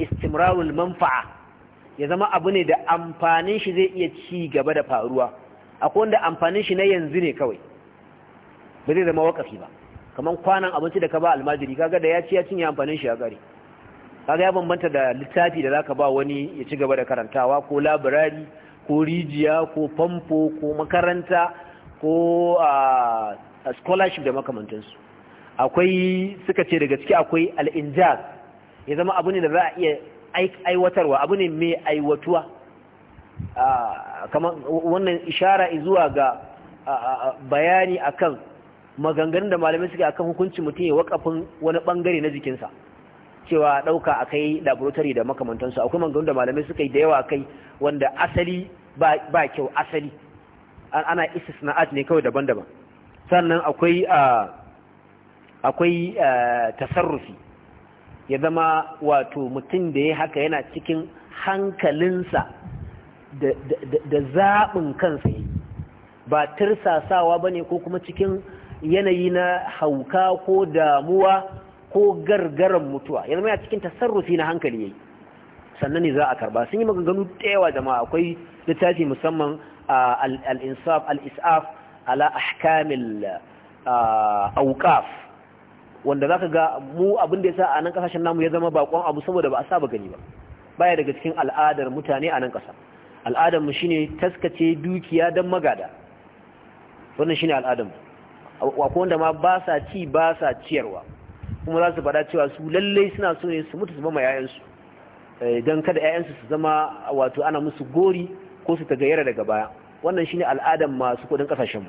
istimrawul manfa'a ya zama abu ne da amfanin shi zai iya ci gaba da faruwa akwai wanda amfanin shi na yanzu ne kawai ba zai zama wakafi ba kamar kwanan abinci da ka ba almajiri kaga da ya ci ya cinye amfanin shi ya gari kaga ya bambanta da littafi da zaka ba wani ya ci gaba da karantawa ko labirari ko rijiya ko famfo ko makaranta ko a scholarship da makamantansu akwai suka ce daga ciki akwai al'injar. ya zama abu ne da za a iya aiwatarwa abu ne mai aiwatuwa ah, kamar wannan ishara zuwa ga bayani akan maganganun da malamai suke akan hukunci mutum ya wakafin wani bangare na jikinsa cewa dauka akai laboratory da makamantansu akwai maganganun da malamai suka yi da yawa kai wanda asali ba kyau asali ana isa sana'at ne kawai daban-daban sannan akwai akwai eh, tasarrufi ya zama wato mutum da ya haka yana cikin hankalinsa da zaɓin kansa yi ba tirsasawa ba ne ko kuma cikin yanayi na hauka ko damuwa ko gargaran mutuwa ya zama yana cikin tasarrufi na hankali yayi sannan ne za a karba sun yi maganganu da jama'a akwai littafi musamman al-insaf al-isaf ala ahkamil auqaf wanda zaka ga mu abin da ya sa a nan kasashen namu ya zama bakon abu saboda ba a saba gani ba baya daga cikin al'adar mutane a nan kasa al'adar mu shine taskace dukiya dan magada wannan shine al'adar mu akwai wanda ma ba sa ci ba sa ciyarwa kuma za su faɗa cewa su lallai suna so ne su mutu su bama yayansu eh, don kada yayansu su zama wato ana musu gori ko su ta gayyara daga baya wannan shine al'adar masu kudin kasashenmu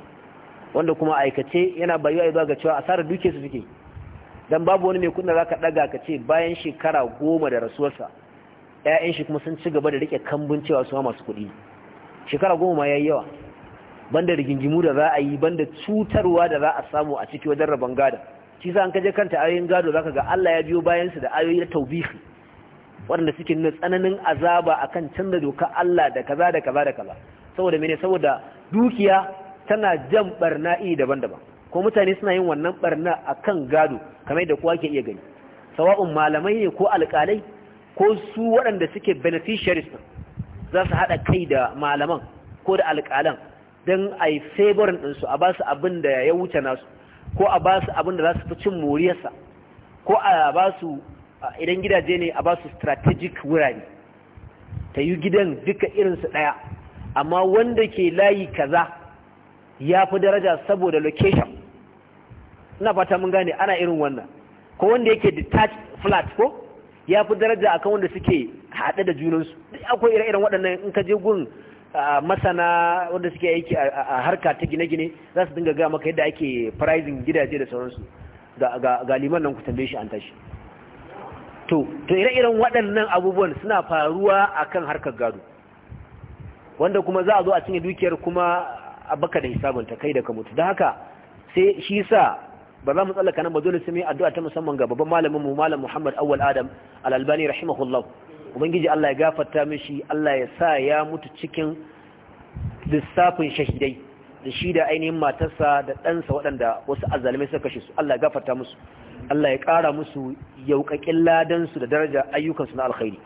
wanda kuma aikace yana bayuwa ga cewa asarar duke su suke dan babu wani mai kunna ka daga ka ce bayan shekara goma da rasuwarsa yayan shi kuma sun ci gaba da rike kambun cewa su masu kuɗi shekara goma ma ya yi yawa banda rigingimu da za a yi banda cutarwa da za a samu a ciki wajen rabon gado shi sa an kaje kanta ayoyin gado zaka ga Allah ya biyo bayan su da ayoyi na tawbihi waɗanda suke nuna tsananin azaba akan canza doka Allah da kaza da kaza da kaza saboda mene saboda dukiya tana jan barna'i daban-daban ko mutane suna yin wannan barna a kan gado kamar da kowa ke iya gani sawa'un malamai ne ko alƙalai ko su waɗanda suke beneficiaries za su haɗa kai da malaman ko da alƙalan don a yi favorin ɗinsu a ba su abin da ya wuce nasu ko a ba su abin da za su fi cin moriyarsa ko a ba su idan gidaje ne a ba su strategic wurare ta yi gidan duka irinsu ɗaya amma wanda ke layi kaza ya fi daraja saboda location ina fata mun gane ana irin wannan ko wanda yake detached flat ko ya fi daraja akan wanda suke haɗe da junansu duk akwai ire-iren waɗannan in ka je gun masana wanda suke aiki a harka ta gine-gine za su dinga gaya maka yadda ake pricing gidaje da sauransu ga liman nan ku tambaye shi an tashi to to ire-iren waɗannan abubuwan suna faruwa akan harkar gado wanda kuma za a zo a cinye dukiyar kuma a baka da ta kai da ka mutu don haka sai shi sa ba za mu tsallaka nan ba dole sai mu yi addu'a ta musamman ga babban malamin mu malam Muhammad Awwal Adam al-Albani rahimahullah ubangiji Allah ya gafarta mishi Allah ya sa ya mutu cikin lissafin shahidai da shi da ainihin matarsa da ɗansa waɗanda wasu azalimai suka kashe su Allah ya gafarta musu Allah ya kara musu yauƙaƙin ladansu da daraja ayyukansu na alkhairi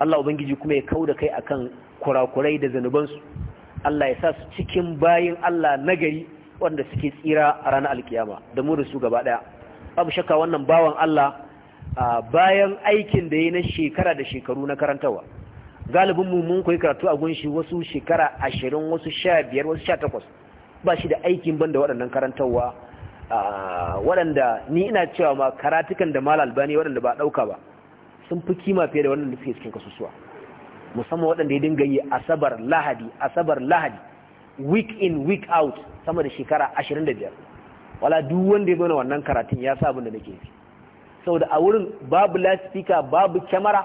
Allah ubangiji kuma ya kauda kai akan kurakurai da zanubansu Allah ya sa su cikin bayin Allah nagari wanda suke tsira a ranar alkiyama da mu da su gaba daya abu shakka wannan bawan Allah bayan aikin da yi na shekara da shekaru na karantawa galibin mu mun koyi karatu a gunshi wasu shekara ashirin wasu sha biyar wasu sha takwas ba shi da aikin ban da waɗannan karantarwa waɗanda ni ina cewa ma karatukan da mal albani waɗanda ba ɗauka ba sun fi kima fiye da waɗanda suke cikin kasusuwa musamman waɗanda ya dinga yi asabar lahadi asabar lahadi week in week out sama da shekara 25 wala duk wanda ya zo na wannan karatun ya sa da nake yi saboda a wurin babu lasifika babu kyamara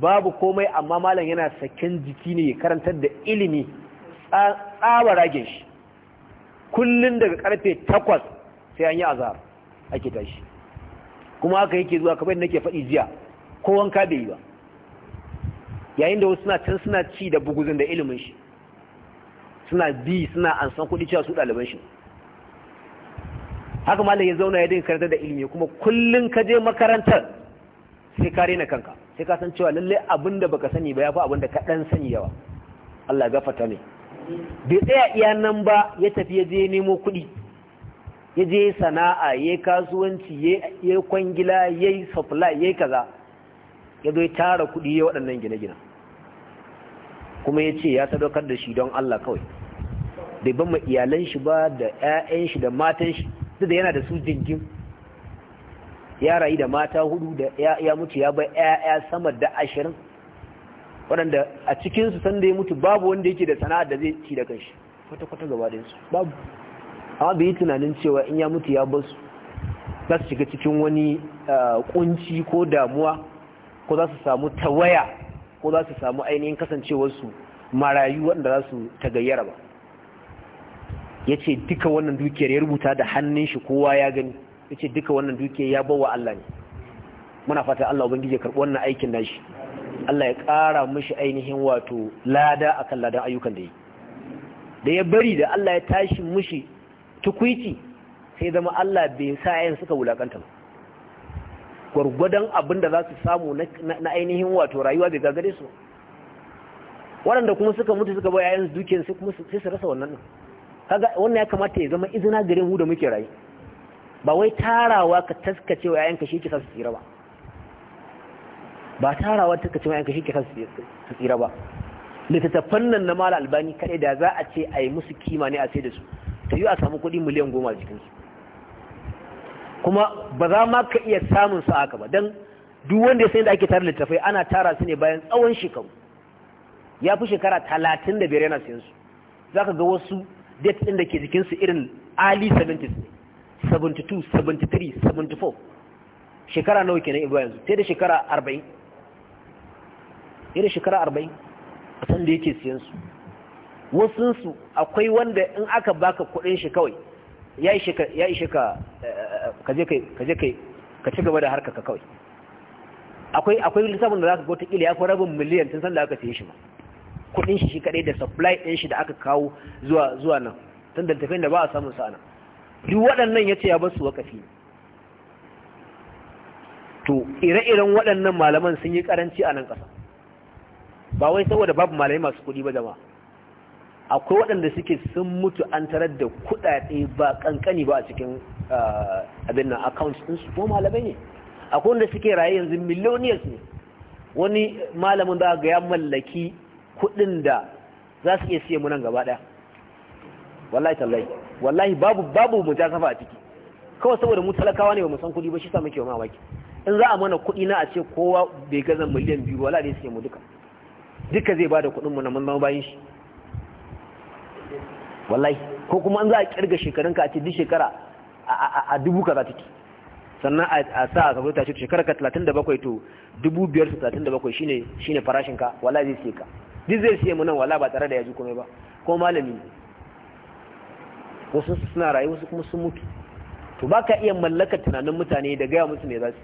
babu komai amma malam yana saken jiki ne ya karantar da ilimi tsawa ragin shi kullum daga karfe takwas sai an yi azar ake tashi kuma haka yake zuwa kamar nake faɗi jiya ko wanka bai yi ba yayin da wasu suna can suna ci da buguzin da ilimin shi suna bi suna ansan kudi cewa su ɗaliban shi haka malam ya zauna ya dinga karanta da ilimi kuma kullun ka je makarantar sai ka rena kanka sai ka san cewa lalle abin da baka sani ba ya fi abin da ka dan sani yawa Allah gafarta ne bai tsaya iya nan ba ya tafi ya je nemo kuɗi ya je sana'a ya kasuwanci ya kwangila ya supply ya kaza ya zo ya tara kuɗi ya waɗannan gine-gine kuma ya ce ya sadaukar da shi don Allah kawai bai ban ma iyalan shi ba da 'ya'yan shi da matan shi duk da yana da su jinjin ya rayu da mata hudu da ya mutu ya bar 'ya'ya sama da ashirin waɗanda a cikinsu sanda ya mutu babu wanda yake da sana'a da zai ci da kanshi kwata-kwata gaba da su babu amma bai yi tunanin cewa in ya mutu ya basu za su shiga cikin wani kunci ah, ko damuwa ko za su samu tawaya ko za su samu ainihin kasancewarsu marayu waɗanda za su tagayyara ba ya ce duka wannan dukiyar ya rubuta da hannun shi kowa ya gani ya ce duka wannan dukiyar ya bawa Allah ne muna fata Allah ubangiji ya karɓi wannan aikin nashi Allah ya ƙara mishi ainihin wato lada akan ladan ayyukan da yi da ya bari da Allah ya tashi mishi tukwici sai zama Allah bai sa yayin suka wulakanta ba gwargwadon abin da za su samu na ainihin wato rayuwa bai gagare su waɗanda kuma suka mutu suka bai yayin dukiyar su kuma sai su rasa wannan kaga wannan ya kamata ya zama izina gare mu da muke rayu ba wai tarawa ka taskace wa yayanka shi ke sa su tsira ba ba tarawa kace wa yayanka shi ke sa su tsira ba littattafan nan na mala albani kai da za a ce a yi musu kima ne a sai da su ta yi a samu kuɗi miliyan goma a jikinsu kuma ba za ma ka iya samun su haka ba don duk wanda ya san da ake tara littattafai ana tara su ne bayan tsawon shekaru ya fi shekara talatin da biyar yana sayan su za ka ga wasu date ɗin da ke jikinsu irin early 70s 72 73 74 shekara nawa kenan ibo yanzu sai da shekara 40 irin shekara 40 a san da yake siyan su su akwai wanda in aka baka kuɗin shi kawai ya ishe ka kaje eh, kai kaje kai ka ci gaba da harkar ka kawai akwai akwai lissafin da zaka ga wata ya fi rabin miliyan tun san da aka siye shi ma kudin shi shi kadai da supply din shi da aka kawo zuwa zuwa nan tun da tafiyan da ba a samun sana duk waɗannan yace ya basu wakafi to ire-iren waɗannan malaman sun yi karanci a nan ƙasa ba wai saboda babu malami masu kuɗi ba jama'a akwai waɗanda suke sun mutu an tarar da kuɗaɗe ba kankani ba a cikin abin nan accounts din su ko malamai ne akwai wanda suke raye yanzu millionaires ne wani malamin da ga ya mallaki Kudin da za su iya siye mu nan gaba ɗaya wallahi tallahi wallahi babu babu mu ta safa a ciki kawai saboda mu talakawa ne ba mu san kuɗi ba shi sa muke wa mamaki in za a mana kuɗi na a ce kowa bai gaza miliyan biyu wala dai siye mu duka duka zai bada kuɗin mu na mun zama bayan shi wallahi ko kuma an za a kirga shekarun ka a ce duk shekara a dubu ka za ta take sannan a sa a kafa ta ce shekarar ka 37 to dubu biyar su 37 shine shine farashin ka wallahi zai siye ka duk zai siya mu wala ba tare da ya ji komai ba ko malami wasu suna rayu wasu kuma sun mutu to ba ka iya mallakar tunanin mutane da gaya musu ne za su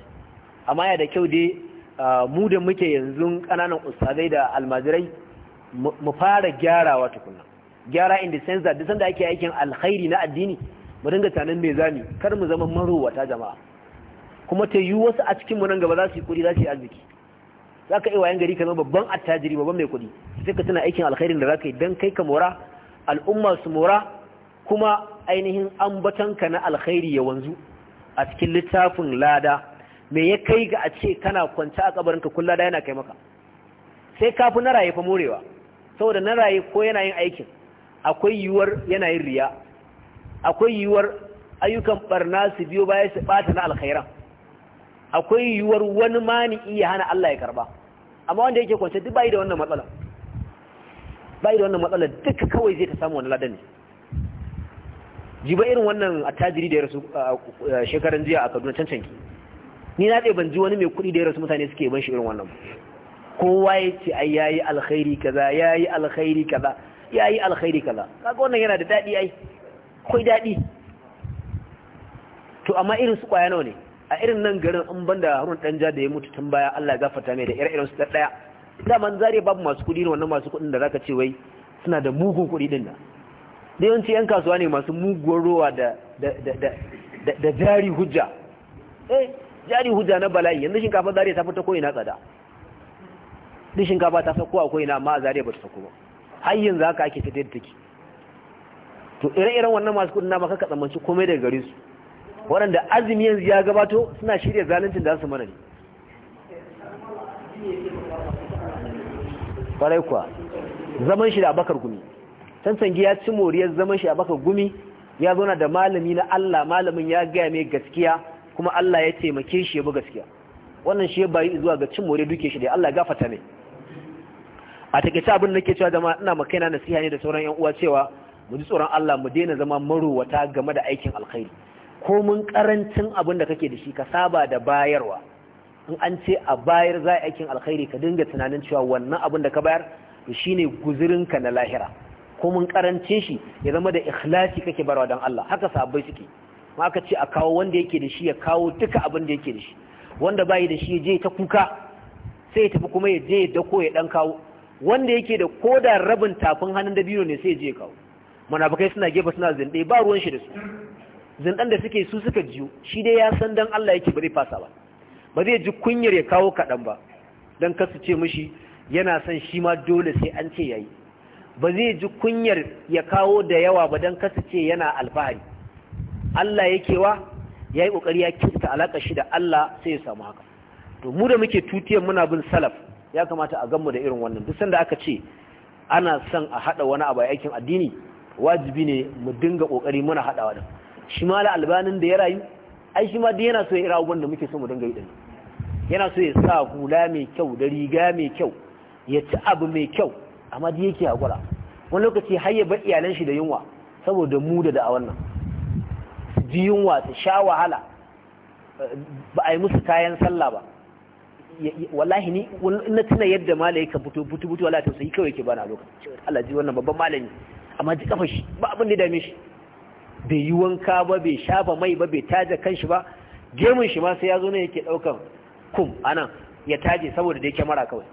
amma ya da kyau dai mu da muke yanzu kananan ustazai da almajirai mu fara gyarawa tukunna gyara in the sense that duk sanda ake aikin alkhairi na addini mu dinga tunanin mai zami kar mu zama marowata jama'a kuma ta yi wasu a cikin mu nan gaba za su yi kuri za su yi arziki za ka iya wayan gari ka zama babban attajiri babban mai kuɗi sai ka tuna aikin alkhairin da za ka yi don kai ka mora al'umma su mora kuma ainihin ka na alkhairi ya wanzu a cikin littafin lada me ya kai ga a ce kana kwance a kabarinka kun lada yana kai maka sai kafi na raye fa morewa saboda na raye ko yana yin aikin akwai yiwuwar yana yin riya akwai yiwuwar ayyukan barna su biyo baya su bata na alkhairan akwai yiwuwar wani mani iya hana Allah ya karba amma wanda yake kwance duk bai da wannan matsala bai da wannan matsala duka kawai zai ta samu wani ladan ne jiba irin wannan attajiri da ya rasu shekaran jiya a Kaduna cancanki ni na tsaye ban ji wani mai kuɗi da ya rasu mutane suke ban shi irin wannan kowa ya ce ai yayi alkhairi kaza yayi alkhairi kaza yayi alkhairi kaza kaga wannan yana da dadi ai koi dadi to amma irin su kwaya nawa ne a irin nan garin in banda harun ja da ya mutu tun baya Allah ya gafarta mai da ire-iren su da daya man zare babu masu kudi ne wannan masu kudin da zaka ce wai suna da mugun kudi din nan dai yawanci yan kasuwa ne masu muguwar rowa da da da da jari hujja eh jari hujja na bala'i yanzu shinkafa zare ta fita ko ina tsada duk shinkafa ta sako akwai ina ma a zare ba ta sauko ba har yanzu haka ake fitar da take to ire-iren wannan masu kudin na maka ka tsammanci komai daga gare su waɗanda azumi yanzu ya gabato suna shirya zalincin da su mana ne ƙwarai kuwa zaman shi da abakar gumi tantangi ya ci moriyar zaman shi abakar gumi ya zauna da malami na Allah malamin ya gaya mai gaskiya kuma Allah ya taimake shi ya bi gaskiya wannan shi ya bayi zuwa ga cin moriyar duke shi da Allah gafata mai a takaice abin da ke cewa jama'a ina makaina nasiha ne da sauran yan uwa cewa mu ji tsoron Allah mu daina zama marowata game da aikin alkhairi komin karancin abin da kake da shi ka saba da bayarwa in an ce a bayar za a aikin alkhairi ka dinga tunanin cewa wannan abin da ka bayar to shine ka na lahira komin karancin shi ya zama da ikhlasi kake barwa dan Allah haka sabbai suke ma aka ce a kawo wanda yake da shi ya kawo duka abin da yake da shi wanda bai da shi je ta kuka sai ya tafi kuma ya je da dako ya dan kawo wanda yake da koda rabin tafin hannun da biyo ne sai ya je kawo munafikai suna gefe suna zinde ba ruwan shi da su zindan da suke su suka jiyo shi dai ya san dan Allah yake ba zai fasa ba ba zai ji kunyar ya kawo kaɗan ba don su ce mishi yana son shi ma dole sai an ce yayi ba zai ji kunyar ya kawo da yawa ba don su ce yana alfahari Allah yake wa ya yi ƙoƙari ya kinta alaƙa shi da Allah sai ya samu haka to mu da muke tutiyan muna bin salaf ya kamata a ganmu da irin wannan duk sanda aka ce ana son a haɗa wani abu aikin addini wajibi ne mu dinga ƙoƙari muna haɗawa da shi ma la albanin da ya rayu ai shi ma duk yana so ya ira abubuwan da muke so mu dinga yi dani yana so ya sa hula mai kyau da riga mai kyau ya ci abu mai kyau amma duk yake hakura wani lokaci har ya bar iyalan shi da yunwa saboda mu da da'awan nan su ji yunwa su sha wahala ba a yi musu kayan sallah ba wallahi ni na tuna yadda malai ka fito butu butu wallahi tausayi kawai ke bana lokaci, Allah ji wannan babban malami amma ji kafa shi ba abin da dame shi bai yi wanka ba bai shafa mai ba bai taje shi ba gemun shi ma sai ya zo ne yake daukan kum anan ya taje saboda da yake mara kawai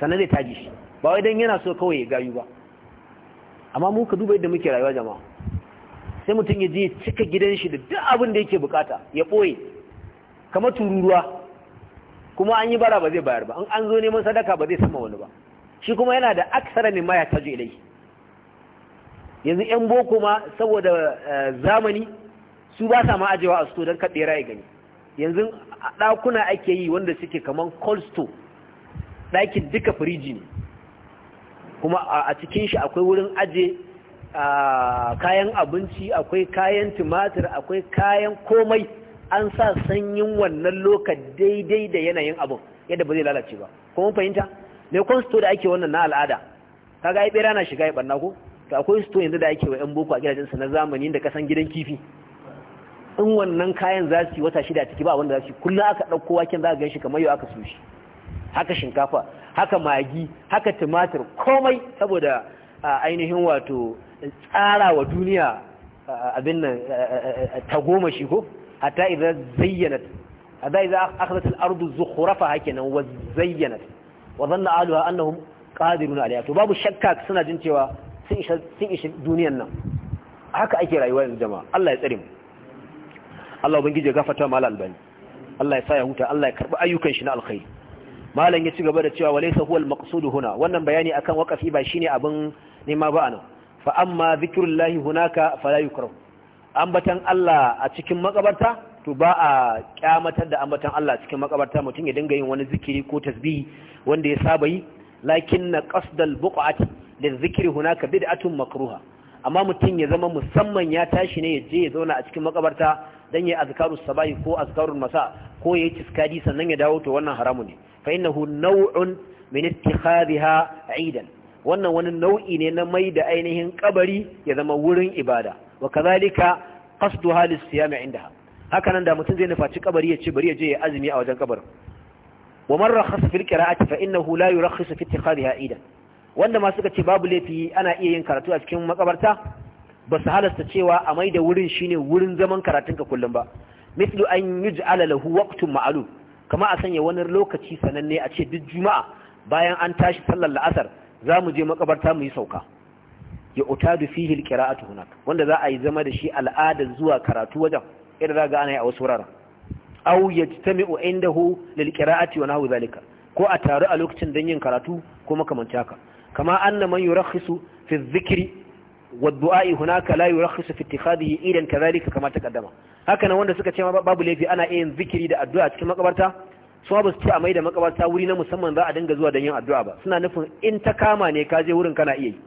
sannan zai taje shi ba wai dan yana so kawai ya gayu ba amma mu ka duba yadda muke rayuwa jama'a sai mutum ya je cika gidan shi da duk abin da yake bukata ya boye kamar tururuwa kuma an yi bara ba zai bayar ba in an zo neman sadaka ba zai sama wani ba shi kuma yana da aksara ne ma ya taje ilai yanzu yan boko ma saboda eh, zamani su ba sa ma'ajewa a sto don kaɗe ya gani yanzu ɗakuna ake yi wanda suke kamar cold ɗakin duka firiji ne kuma a cikin shi akwai wurin aje kayan abinci akwai kayan tumatir akwai kayan komai an sa sanyin wannan loka daidai da yanayin abin yadda ba zai lalace ba kuma fahimta mai kwansto da ake wannan na al'ada kaga ai bera na shiga ya barna ko to akwai sto yanzu da ake wa yan boko a gidajensu na zamani da kasan gidan kifi in wannan kayan za su yi wata shida ciki ba wanda za su yi kullum aka ɗauko waken za a ganshi kamar yau aka su shi haka shinkafa haka magi haka tumatir komai saboda ainihin wato tsara wa duniya abin nan ta goma shi ko hatta idan zayyanat hatta idan akhadhat al-ardu zukhrafaha kenan wa zayyanat wa dhanna ahluha annahum qadiruna alayha to babu shakka suna jin cewa sun ishe duniyan nan haka ake rayuwa yanzu jama'a Allah ya tsare mu Allah ubangiji gafarta mal albani Allah ya sa ya huta Allah ya karbi ayyukan shi na alkhairi malam ya ci gaba da cewa walaysa huwal maqsud huna wannan bayani akan waqafi ba shine abin nema ba anan fa amma zikrullahi hunaka fala yukrahu ambatan Allah a cikin makabarta to ba a kyamatar da ambatan Allah cikin makabarta mutum ya dinga yin wani zikiri ko tasbihi wanda ya saba yi lakin na qasdal buqati lizikri hunaka bid'atun makruha amma mutum ya zama musamman ya tashi ne ya je ya zauna a cikin makabarta dan yayi askaru sabahi ko azkarul masa ko yayi yi tiskadi sannan ya dawo to wannan haramu ne fa innahu naw'un min ittikhadha 'idan wannan wani nau'i ne na mai da ainihin kabari ya zama wurin ibada wa kadhalika qasduha lis 'indaha haka nan da mutum zai nufaci kabari ya ce bari ya je ya azumi a wajen kabarin wa man a fil qira'ati fa innahu la yurakhisu fi ittikhadhiha aidan wanda ma suka ce babu laifi ana iya yin karatu a cikin makabarta ba su halasta cewa a mai da wurin shine wurin zaman karatun ka kullum ba mislu an yuj'ala lahu waqtun ma'lum kama a sanya wani lokaci sananne a ce duk juma'a bayan an tashi sallar la'asar za mu je makabarta mu yi sauka ya utadu fihi alqira'atu hunak wanda za a yi zama da shi a al'ada zuwa karatu wajen idan za ga ana yi a wasu wuraren aw yajtami'u indahu lil qira'ati wa nahwu zalika ko a taru a lokacin don yin karatu ko makamanci haka kama anna man yurakhisu fi zikiri wa du'a'i hunaka la yurakhisu fi ittikhadihi idan kadhalika kama taqaddama haka nan wanda suka ce babu laifi ana yin zikiri da addu'a cikin makabarta su ba su ce a mai da makabarta wuri na musamman za a dinga zuwa don yin addu'a ba suna nufin in ta kama ne ka je wurin kana iya yi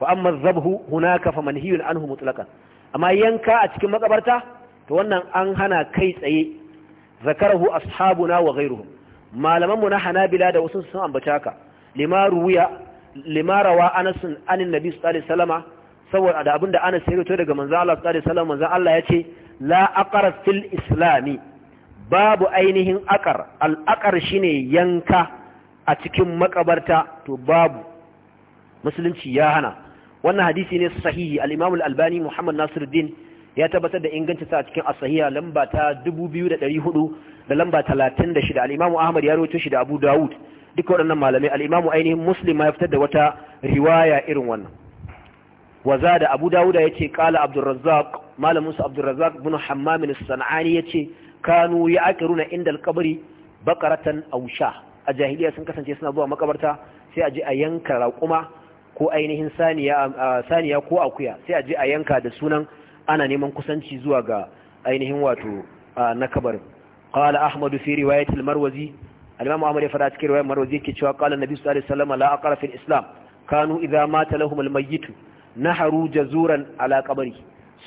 wa amma zabhu hunaka fa manhiyun anhu mutlaqan amma yanka a cikin makabarta to wannan an hana kai tsaye zakarahu ashabuna wa ghayruhum malaman mu na hanabila da wasu sun ambata haka lima ruwiya anas anin nabi sallallahu alaihi wasallama saboda da abinda anas ya rito daga manzo Allah sallallahu alaihi wasallam manzo Allah ce la aqara fil islami babu ainihin akar al shine yanka a cikin makabarta to babu musulunci ya hana wannan hadisi ne sahihi al-imam al-albani muhammad nasiruddin ya tabbatar da inganci sa cikin Asahiya lamba ta 2400 da lamba 36 al-Imam Ahmad ya rawaito shi da Abu Dawud duka waɗannan malamai al-Imam ainihin Muslim ma ya fitar da wata riwaya irin wannan waza da Abu Dawud yace qala Abdul Razzaq malamin sa Abdul Razzaq ibn Hammam as-Sanani yace kanu ya'qiruna inda al-qabri bakaratan aw sha a jahiliya sun kasance suna zuwa makabarta sai a je a yanka raƙuma ko ainihin saniya ko akuya sai a je a yanka da sunan ana neman kusanci zuwa ga ainihin wato na kabarin qala ahmadu fi riwayat al-marwazi al-imam ahmad ya fara cikin riwayar marwazi yake cewa qala nabi sallallahu alaihi wasallam la aqra fi al-islam kanu idza mata lahum al-mayyit naharu jazuran ala qabri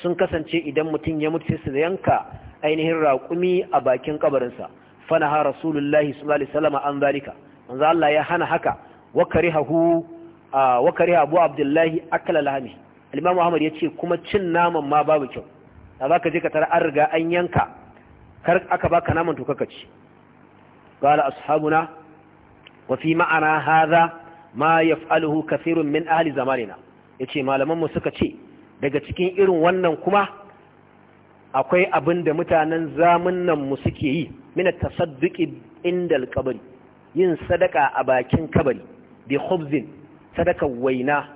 sun kasance idan mutum ya mutu sai su yanka ainihin raƙumi a bakin kabarinsa fanaha rasulullahi sallallahu alaihi wasallam an zalika manzo Allah ya hana haka wa karihahu wa abu abdullahi akala lahmi al-Imam Ahmad yace kuma cin naman ma babu kyau da zaka je ka tara an riga an yanka kar aka baka naman to kaka ci qala ashabuna wa fi ma'ana hadha ma yaf'aluhu kathirun min ahli zamanina yace malaman mu suka ce daga cikin irin wannan kuma akwai abin da mutanen zamunan mu suke yi min tasadduqi inda al yin sadaka a bakin kabari bi khubzin sadaka waina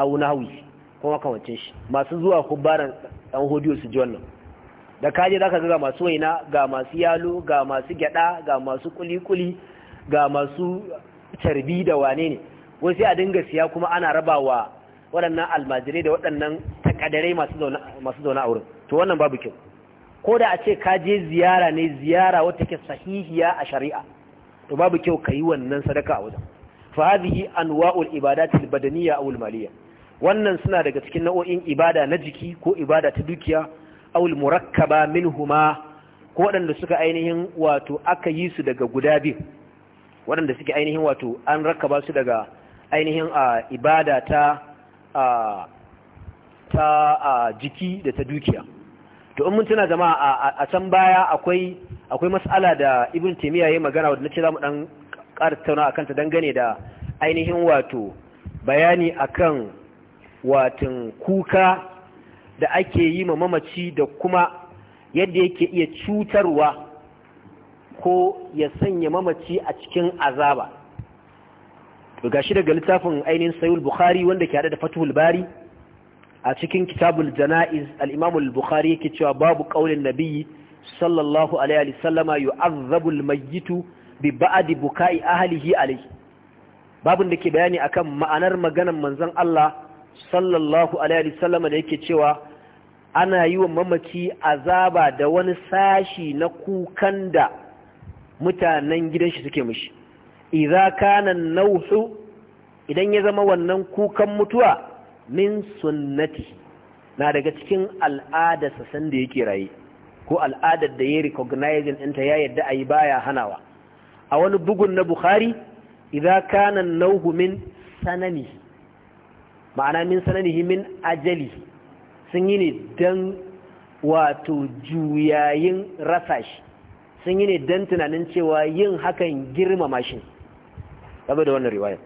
aw nahwi ko makamancin shi masu zuwa hubbaran ɗan hodiyo su ji wannan da kaje zaka ga masu waina ga masu yalo ga masu gyada ga masu kulikuli ga masu tarbi da wane ne wai sai a dinga siya kuma ana rabawa waɗannan almajire da waɗannan takadare masu zaune a wurin to wannan babu kyau ko da a ce ka je ziyara ne ziyara wata ke sahihiya a shari'a to babu kyau ka yi wannan sadaka a wajen fa hadhihi anwa'ul ibadatil badaniyya aw al maliyya wannan suna daga cikin nau'o'in ibada na jiki ko ibada ta dukiya awul murakkaba minhuma ko waɗanda suka ainihin wato aka yi su daga guda biyu waɗanda suke ainihin wato an rakkaba su daga ainihin a ibada ta a ta a jiki da ta dukiya to in mun tuna jama'a a can baya akwai akwai mas'ala da ibn taymiya yayin magana wanda nace zamu dan ƙara tattauna akan ta dangane da ainihin wato bayani akan watan kuka da ake yi ma mamaci da kuma yadda yake iya cutarwa ko ya sanya mamaci a cikin azaba ga shi daga littafin ainihin sayul bukhari wanda ke hada da fatuhul bari a cikin kitabul jana'iz al bukhari yake cewa babu ƙaunin nabiyyi sallallahu alaihi sallama yi azabul mayyitu bi ba'adi buka'i ahlihi alayhi babin da ke bayani akan ma'anar maganar manzan Allah sallallahu alaihi wasallam da yake cewa ana yi wa mamaci azaba da wani sashi na kukan da mutanen gidanshi suke mishi idza kana nauhu idan ya zama wannan kukan mutuwa min sunnati na daga cikin al'adarsa sanda yake raye ko al'adar da ya recognizing ɗinta ya yadda a yi baya hanawa a wani bugun na bukhari idza kana nauhu min sanani ma'ana min sananihi min ajali sun yi ne don wato juyayin rasa shi sun yi ne don tunanin cewa yin hakan girmama shi game da wannan riwayar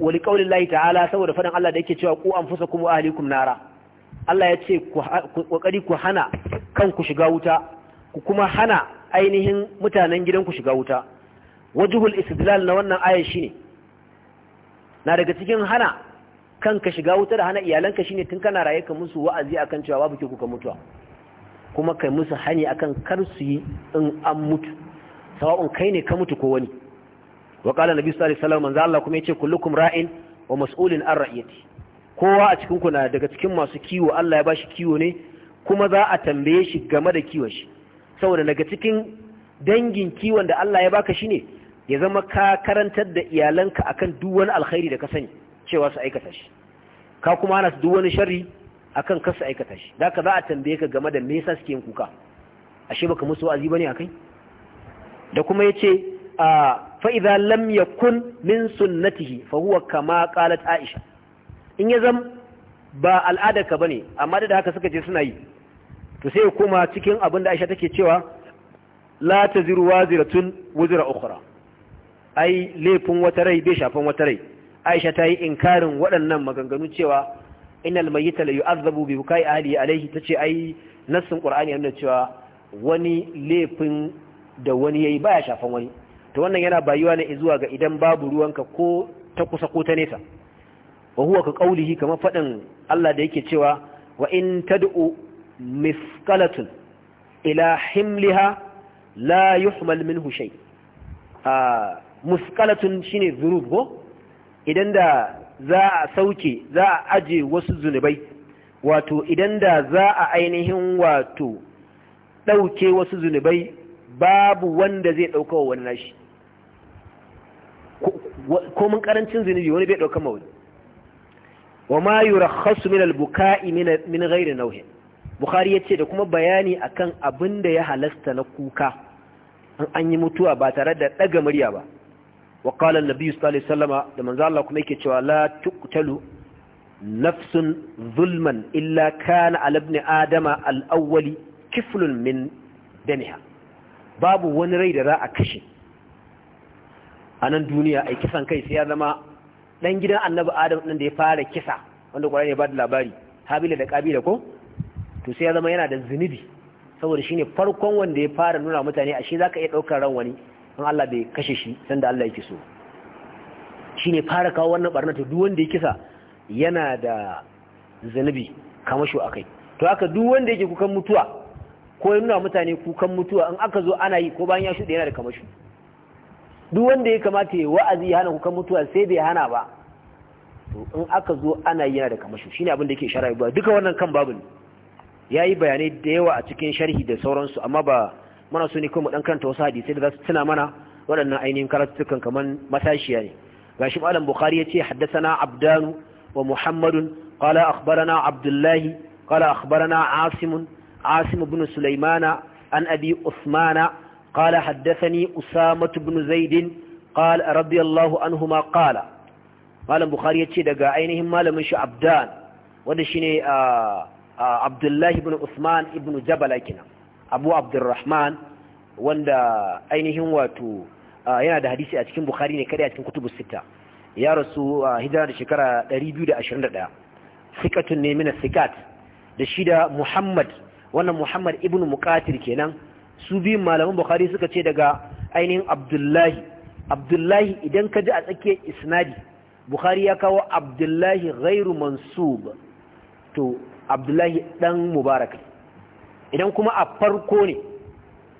wali ƙaunin layi ta'ala saboda faɗin Allah da yake cewa ku an fusa kuma ahalikum nara Allah ya ce ƙoƙari ku hana kanku shiga wuta ku kuma hana ainihin mutanen gidanku shiga wuta Wajuhul istidlal na wannan aya shine na daga cikin hana kanka shiga wuta da hana iyalanka shine tun kana raye ka musu wa'azi akan cewa babu ke kuka mutuwa kuma kai musu hani akan kar su yi in an mutu sawa'un kai ne ka mutu ko wani wa qala nabi sallallahu alaihi wasallam manzo Allah kuma yace kullukum ra'in wa mas'ulin an ra'iyati kowa a cikin ku na daga cikin masu kiwo Allah ya bashi kiwo ne kuma za a tambaye shi game da kiwon shi saboda daga cikin dangin kiwon da Allah ya baka shine ya zama ka karantar da iyalanka akan duk wani alkhairi da ka sani cewa su aikata shi ka kuma ana duk wani sharri akan kan su aikata shi da ka za a tambaye ka game da me yasa suke yin kuka ashe baka musu wa'azi bane akai da kuma yace a fa idza lam yakun min sunnatihi fa huwa kama qalat aisha in ya zam ba al'adar ka ba ne, amma da haka suka je suna yi to sai kuma cikin abin da aisha take cewa la taziru waziratun wuzra ukhra ai laifin wata rai bai shafan wata rai aisha ta yi inkarin waɗannan maganganu cewa inal mayyita la yu'azzabu bi bukai ahli alayhi tace ai nassin qur'ani yana cewa wani laifin da wani yayi baya shafan wani to wannan yana bayuwa ne zuwa ga idan babu ruwanka ko ta kusa ko ta nesa wa huwa ka qaulihi kamar fadin Allah da yake cewa wa in tad'u misqalatun ila himliha la yuhmal minhu shay a ah, musqalatun shine zurub ko idan da za a sauke za a aje wasu zunubai wato idan da za a ainihin wato ɗauke wasu zunubai babu wanda zai ɗauka wa wani nashi komin ƙarancin zunubi wani bai ɗauka mawani wa ma yi rakhasu min albuka'i min ghairi nauhin bukhari ya ce da kuma bayani akan abin da ya halasta na kuka an yi mutuwa ba tare da ɗaga murya ba wa qala an-nabi sallallahu alaihi wasallama da manzo Allah kuma yake cewa la tuqtalu nafsun zulman illa kana ala ibn adama al-awwali kiflun min damiha babu wani rai da za a kashe a nan duniya ai kisan kai sai ya zama dan gidan annabi adam din da ya fara kisa wanda kwarai ne ba da labari habila da kabila ko to sai ya zama yana da zunubi saboda shine farkon wanda ya fara nuna mutane ashe zaka iya daukar ran wani in Allah bai kashe shi sanda Allah yake so Shi ne fara kawo wannan barna ta duk wanda ya kisa yana da zanubi kama shi akai to haka duk wanda yake kukan mutuwa ko ya nuna mutane kukan mutuwa in aka zo ana yi ko bayan ya shuɗe yana da kamashi duk wanda ya kamata ya wa'azi ya hana kukan mutuwa sai bai hana ba to in aka zo ana yi yana da Shi shine abin da yake shara duka wannan kan babu ne yayi bayanai da yawa a cikin sharhi da sauransu amma ba mana so ne kuma dan karanta wasu hadisi da za tuna mana waɗannan ainihin karatukan kaman matashiya ne gashi malam bukhari yace haddathana abdanu wa muhammadun qala akhbarana abdullahi qala akhbarana asim asim ibn sulaymana an abi usmana qala haddathani usama ibn zaid qala radiyallahu anhuma qala malam bukhari yace daga ainihin malamin shi abdan wanda shine ah, ah, abdullahi ibn usman ibn jabala kenan abu abdurrahman wanda ainihin wato ah, yana da hadisi a cikin bukhari ne kada a cikin kutubu sita ya rasu ah, hijira da shekara 221 sikatun ne mina sikat da shi da muhammad wannan muhammad ibn muqatil kenan su biyun malaman bukhari suka ce daga ainihin abdullahi abdullahi idan ka ji a tsakiyar isnadi bukhari ya kawo abdullahi ghairu mansub to abdullahi dan mubarak idan kuma a farko ne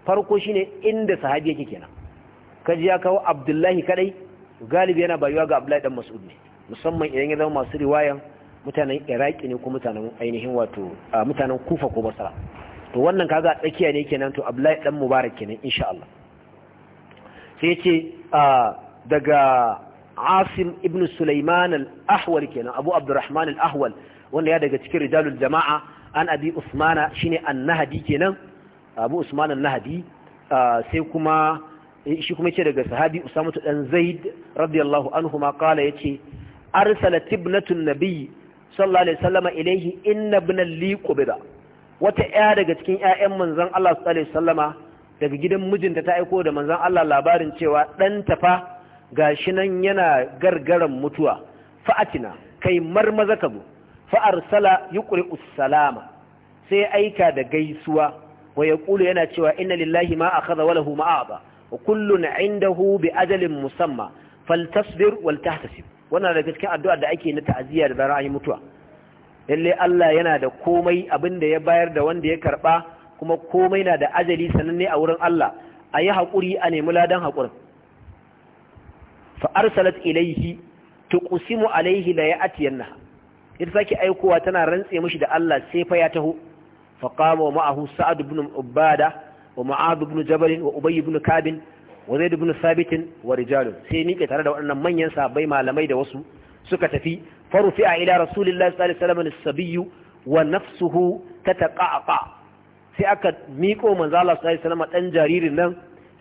farko shine inda sahabi yake kenan kaji ya kawo abdullahi kadai galibi yana bayuwa ga abdullahi dan mas'ud ne musamman idan ya zama masu riwayan mutanen iraki ne ko mutanen ainihin wato mutanen kufa ko basra to wannan kaga tsakiya ne kenan to abdullahi dan mubarak kenan insha Allah sai yace daga asim ibn sulaiman al-ahwal kenan abu abdurrahman al-ahwal wanda ya daga cikin rijalul jama'a an abi usmana shine annahadi kenan abu usman annahadi sai kuma eh, shi kuma ce daga sahabi usamatu dan zaid radiyallahu anhu ma kala yace arsalat ibnatu nabiy sallallahu alaihi wasallama ilayhi inna ibna li qubida wata ya daga cikin ƴaƴan manzon Allah sallallahu alaihi wasallama daga gidan mijinta ta aiko da manzon Allah labarin cewa dan tafa gashi nan yana gargaran mutuwa fa'atina kai marmaza ka bu fa'arsala ƙuri'u salama sai aika da gaisuwa wa yaqulu yana cewa inna lillahi ma akhadha wa lahu ma a'ta wa inda 'indahu bi ajalin musamma faltasbir wal tahtasib wannan daga cikin addu'a da ake na ta'aziyya da zaran an mutuwa lalle Allah yana da komai abin da ya bayar da wanda ya karɓa. kuma komai na da ajali sananne a wurin Allah a yi haƙuri a nemi ladan haƙurin fa arsalat ilaihi tuqsimu alaihi la ya'tiyannaha ita sake aikowa tana rantse mishi da Allah sai fa ya taho fa qama ma'ahu sa'ad ibn ubada wa ma'ad ibn jabal wa ubay ibn kab wa zaid ibn thabit wa rijal sai miƙe tare da waɗannan manyan sahabbai malamai da wasu suka tafi faru a ila rasulillahi sallallahu alaihi wasallam as-sabiyyu wa nafsuhu tataqaqa sai aka miƙo manzo Allah sallallahu alaihi wasallam dan jaririn nan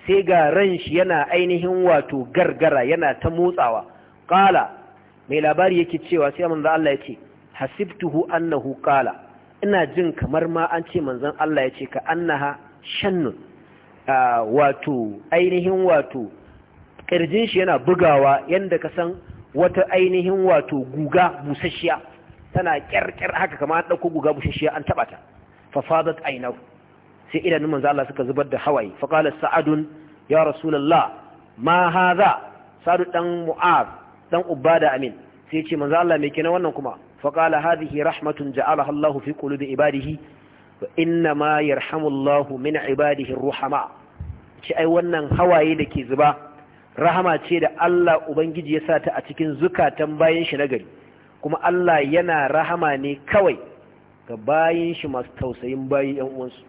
sai ga ran shi yana ainihin wato gargara yana ta motsawa qala mai labari yake cewa sai manzo Allah ya ce hasibtuhu annahu qala ina jin kamar ma an ce manzo Allah ya ce ka annaha shannun wato ainihin wato kirjin shi yana bugawa yanda ka san wata ainihin wato guga busasshiya tana kyarkyar haka kamar an dauko guga busasshiya an taba ta fa fadat ainahu sai idan manzo Allah suka zubar da hawaye fa qala sa'adun ya rasulullah ma hadha sa'ad dan dan ubada amin sai ce manzo Allah me kenan wannan kuma fa qala hadhihi rahmatun ja'alaha Allahu fi qulubi ibadihi wa inna ma yarhamu Allahu min ibadihi ruhama ce ai wannan hawaye da ke zuba rahama ce da Allah ubangiji ya sa ta a cikin zukatan bayan shi nagari kuma Allah yana rahama ne kawai ga bayin shi masu tausayin bayan yan uwansu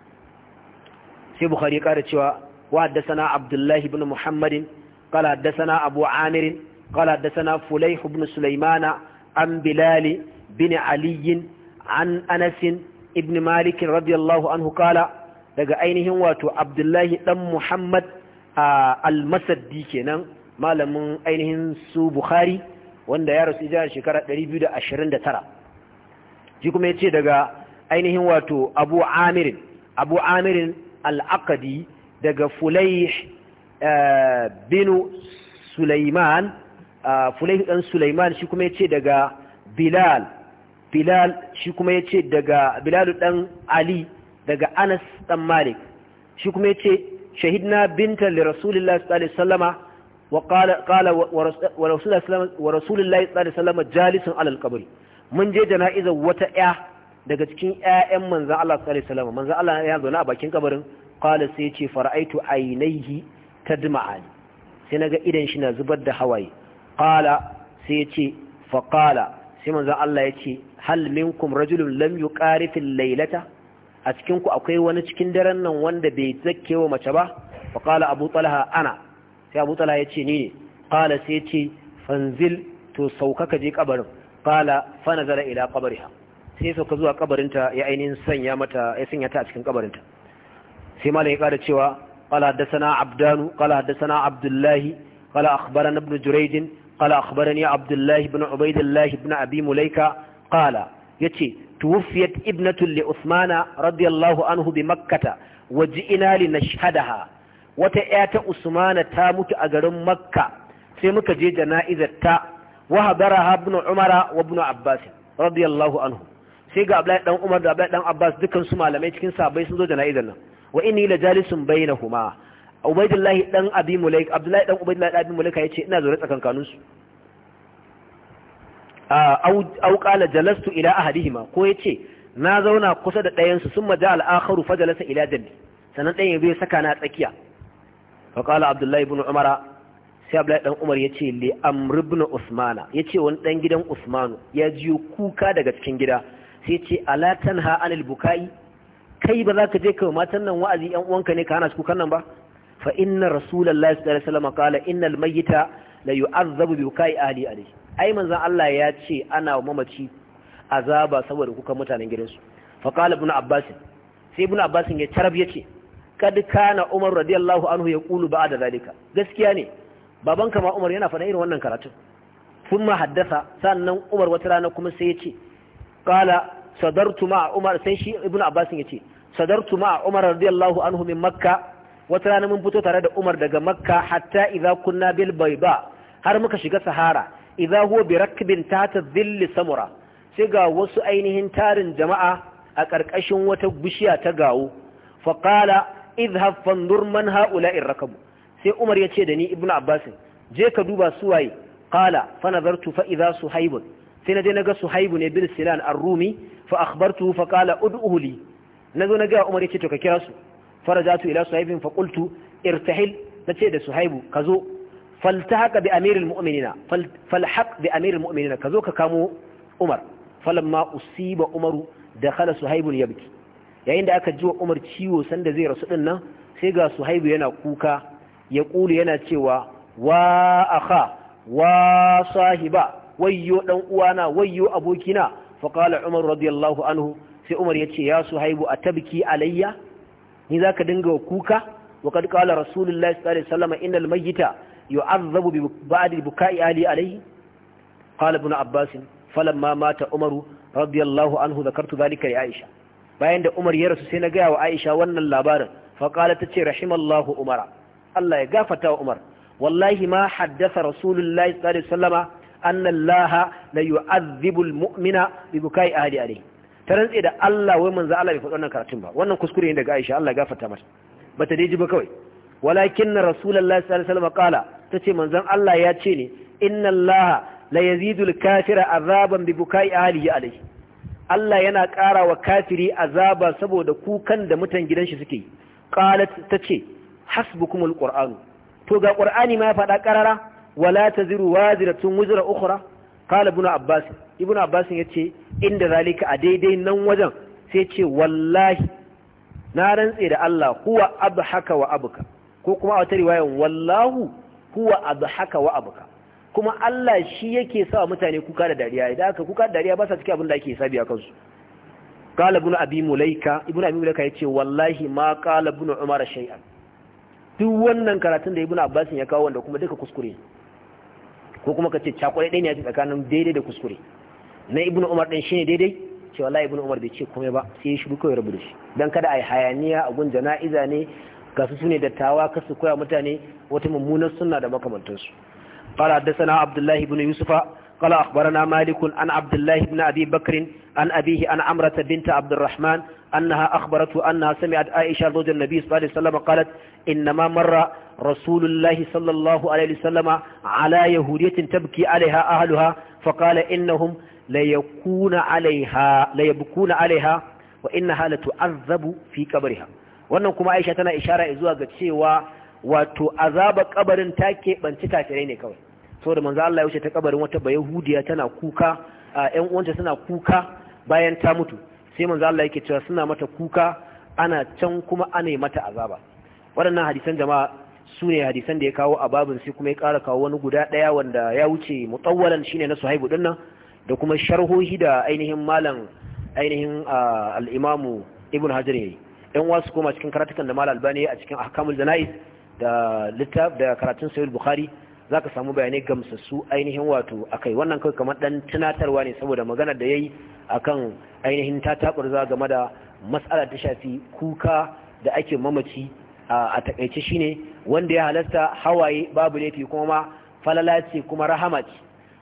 sai bukhari ya kara cewa wa haddathana abdullahi ibn muhammadin qala haddathana abu Amirin. قال حدثنا فليح بن سليمان عن بلال بن علي عن أنس ابن مالك رضي الله daga ainihin wato abdullahi ɗan muhammad almasaddi kenan malamin ainihin su bukhari wanda ya rasu jihar shekara 229 ji kuma ya ce daga ainihin wato abu amirin abu amirin al'akadi daga fulaih binu sulaiman fulaihu dan sulaiman shi kuma yace daga bilal bilal shi kuma ce daga bilal dan ali daga anas dan malik shi kuma yace shahidna binta da rasulullah sallallahu alaihi wasallama wa rasulullah qala wa sallallahu alaihi jalisun alal kabari mun je da na'izar wata ya daga cikin ƴaƴan manzan Allah sallallahu alaihi wasallama Allah ya zaune a bakin kabarin qala sai yace fara'aitu aynaihi tadma'ani sai ga idan shi na zubar da hawaye qala sai ya ce fa qala sai manzon Allah ya ce hal minkum rajulun lam yuqarif al-laylata a cikin ku akwai wani cikin daren nan wanda bai zakkewa mace ba fa qala abu talha ana sai abu talha ya ce ni ne qala sai ya ce fanzil to sauka ka je kabarin qala fa nazara ila qabriha sai sauka zuwa kabarinta ya ainihin sanya mata ya sanya ta a cikin kabarinta sai malam ya kada cewa qala haddathana abdanu qala haddathana abdullahi qala akhbarana ibn jurayj قال أخبرني عبد الله بن عبيد الله بن أبي مليكة قال يتي توفيت ابنة لأثمان رضي الله عنه بمكة وجئنا لنشهدها وتأتى أثمان تامت أجر مكة سيمك جي جنائزة تا وهبرها ابن عمر وابن عباس رضي الله عنه سيقى أبلاء دان عمر أبلاء دان عباس دكان سمع لما يتكين سابي سنزو جنائزة wa inni la jalisun bainahuma Ubaidullahi dan Abi Mulaik Abdullahi dan Ubaidullahi dan Abi Mulaik yace ina zaure tsakankanin su au au qala jalastu ila ahadihima ko yace na zauna kusa da ɗayan su summa ja al-akharu fajalasa ila jambi sanan ɗayan yabe saka na tsakiya fa qala Abdullahi ibn Umar sai Abdullahi dan Umar yace li Amr ibn Usmana yace wani dan gidan Usman ya jiyo kuka daga cikin gida sai yace ala tanha anil bukai kai ba za ka je ka matan nan wa'azi yan uwanka ne ka hana su kukan nan ba fa inna rasulullahi sallallahu alaihi wasallam qala innal mayyita la yu'azzabu bi kai Ali Ali. ai manzon Allah ya ce ana mamaci azaba saboda kuka mutanen gidansu fa qala ibn abbas sai ibn abbas ya tarab yace kad kana umar radiyallahu anhu ya yaqulu ba'da zalika gaskiya ne babanka ma umar yana faɗa irin wannan karatun sun ma haddasa sannan umar wata rana kuma sai ya ce kala sadartu ma umar sai shi ibn abbas ya ce sadartu ma umar radiyallahu anhu min makka wata rana mun fito tare da Umar daga Makka hatta idza kunna bil bayba har muka shiga Sahara idza huwa bi rakbin tata dhill samura sai ga wasu ainihin tarin jama'a a ƙarƙashin wata bishiya ta gawo fa qala idhhab fandur man haula'i rakabu sai Umar ya ce da ni Ibn Abbas je ka duba su waye qala fa nazartu fa idza suhaib sai na je naga suhaib ne bin silan ar-rumi fa akhbartu fa qala ud'uhu li nazo na ga Umar ya ce to ka kira su farajatu ila Suhaifin fa qultu irtahil nace da suhaibu kazo faltahaka bi amiril mu'minina falhaq kazo ka kamo umar falamma usiba umaru da dakhala suhaibun yabki yayin da aka ji wa umar ciwo sanda zai rasu din sai ga suhaibu yana kuka ya kulu yana cewa wa akha wa sahiba wayyo dan uwana wayyo abokina fa qala umar radiyallahu anhu sai umar yace ya suhaibu a atabki alayya ni za ka dinga kuka wa kad qala rasulullahi sallallahu alaihi wasallam innal mayyita yu'azzabu bi ba'di buka'i ali alaihi qala ibn abbas falamma mata umaru radiyallahu anhu zakartu dhalika li aisha bayan da umar ya rasu sai na gaya wa aisha wannan labarin fa qala tace rahimallahu umara Allah ya gafata wa umar wallahi ma haddasa rasulullahi sallallahu alaihi wasallama anna allaha la yu'adhibu al-mu'mina bi buka'i ali alaihi ta rantse da Allah wai manzo Allah bai faɗi wannan karatun ba wannan kuskure ne daga Aisha Allah ya gafarta mata bata dai ji ba kawai walakin rasulullahi sallallahu alaihi wasallam qala tace manzon Allah ya ce ne inna Allah la yazidul kafira azaban bi bukai ahlihi alai Allah yana ƙara wa kafiri azaba saboda kukan da mutan gidan shi suke qalat tace hasbukumul qur'an to ga qur'ani ma ya faɗa karara wala taziru waziratun wizra ukhra qala ibn abbas ibn abbas ya ce inda zalika a daidai nan wajen sai ce wallahi na rantse da Allah huwa abhaka wa abuka ko kuma a wata riwaya wallahu huwa abhaka wa abuka kuma Allah shi yake sa mutane kuka da dariya idan aka kuka da dariya ba sa cikin abin da ake sabi a kansu qala ibn abi mulaika ibn abi mulaika yace wallahi ma qala ibn umar shay'an duk wannan karatun da ibn abbas ya kawo wanda kuma duka kuskure ko kuma kace cakwai ɗaya ne a tsakanin daidai da kuskure na ibnu umar din shine daidai cewa la ibnu umar bai ce komai ba sai ya shiru kawai rabu da shi dan kada a yi hayaniya a gun jana'iza ne ga su sune dattawa ka su koya mutane wata mummunar sunna da makamantansu qala haddathana abdullahi ibn yusufa qala akhbarana malik an abdullahi ibn abi bakr an abihi an amrata bint abdurrahman أنها أخبرته أنها سمعت عائشة زوج النبي صلى الله عليه وسلم قالت إنما مر رسول الله صلى الله عليه وسلم على يهودية تبكي عليها أهلها faƙala innahum layabkuna alaiha wa inna halatu azabu wannan kuma aisha tana ishara zuwa ga cewa wato azaba kabarin ta keɓanci kafirai ne kawai saboda manzo Allah ya wuce ta kabarin wata bayahudiya tana kuka ƴan uwanta suna kuka bayan ta mutu sai manzo Allah yake cewa suna mata kuka ana can kuma ana mata azaba waɗannan hadisan jama'a su ne hadisan da ya kawo a babin sai kuma ya ƙara kawo wani guda ɗaya wanda ya wuce mutawwalan shine na suhaibu din nan da kuma sharhohi da ainihin malam ainihin al-imamu ibn hajar yayi yan wasu koma cikin karatukan da malam albani a cikin ahkamul janais da littaf da karatun sahih bukhari zaka samu bayanai gamsassu ainihin wato akai wannan kai kamar dan tunatarwa ne saboda magana da yayi akan ainihin tatakurza game da mas'alar ta shafi kuka da ake mamaci a takaice shine wanda ya halasta hawaye babu laifi kuma ma falalaci kuma rahama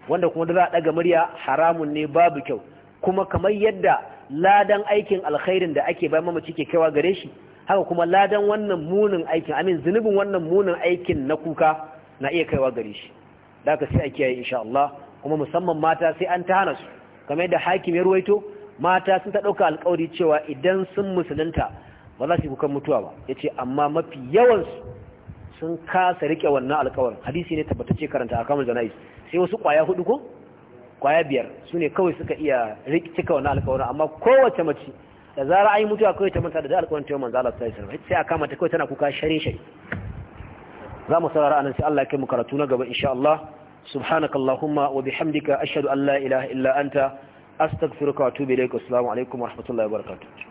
wanda kuma da za a daga murya haramun ne babu kyau kuma kamar yadda ladan aikin alkhairin da ake bayan mamaci ke kaiwa gare shi haka kuma ladan wannan munin aikin amin zunubin wannan munin aikin na kuka na iya kaiwa gare shi da ka sai a kiyaye insha Allah kuma musamman mata sai an ta hana su kamar yadda hakim ya ruwaito mata sun ta dauka alƙawari cewa idan sun musulunta ba za su yi kukan mutuwa ba ya ce amma mafi yawansu sun kasa rike wannan alkawarin hadisi ne tabbatacce karanta a kamar jana'is sai wasu kwaya hudu ko kwaya biyar su ne kawai suka iya cika wannan alkawarin amma kowace mace da zara an yi mutuwa kawai ta manta da alkawarin ta yi manzo Allah sallallahu alaihi sai a kamata kawai tana kuka share share za mu saurara anan sai Allah ya kai mu karatu na gaba insha Allah subhanakallahumma wa bihamdika ashhadu an la ilaha illa anta astaghfiruka wa atubu ilaik assalamu alaikum wa rahmatullahi wa barakatuh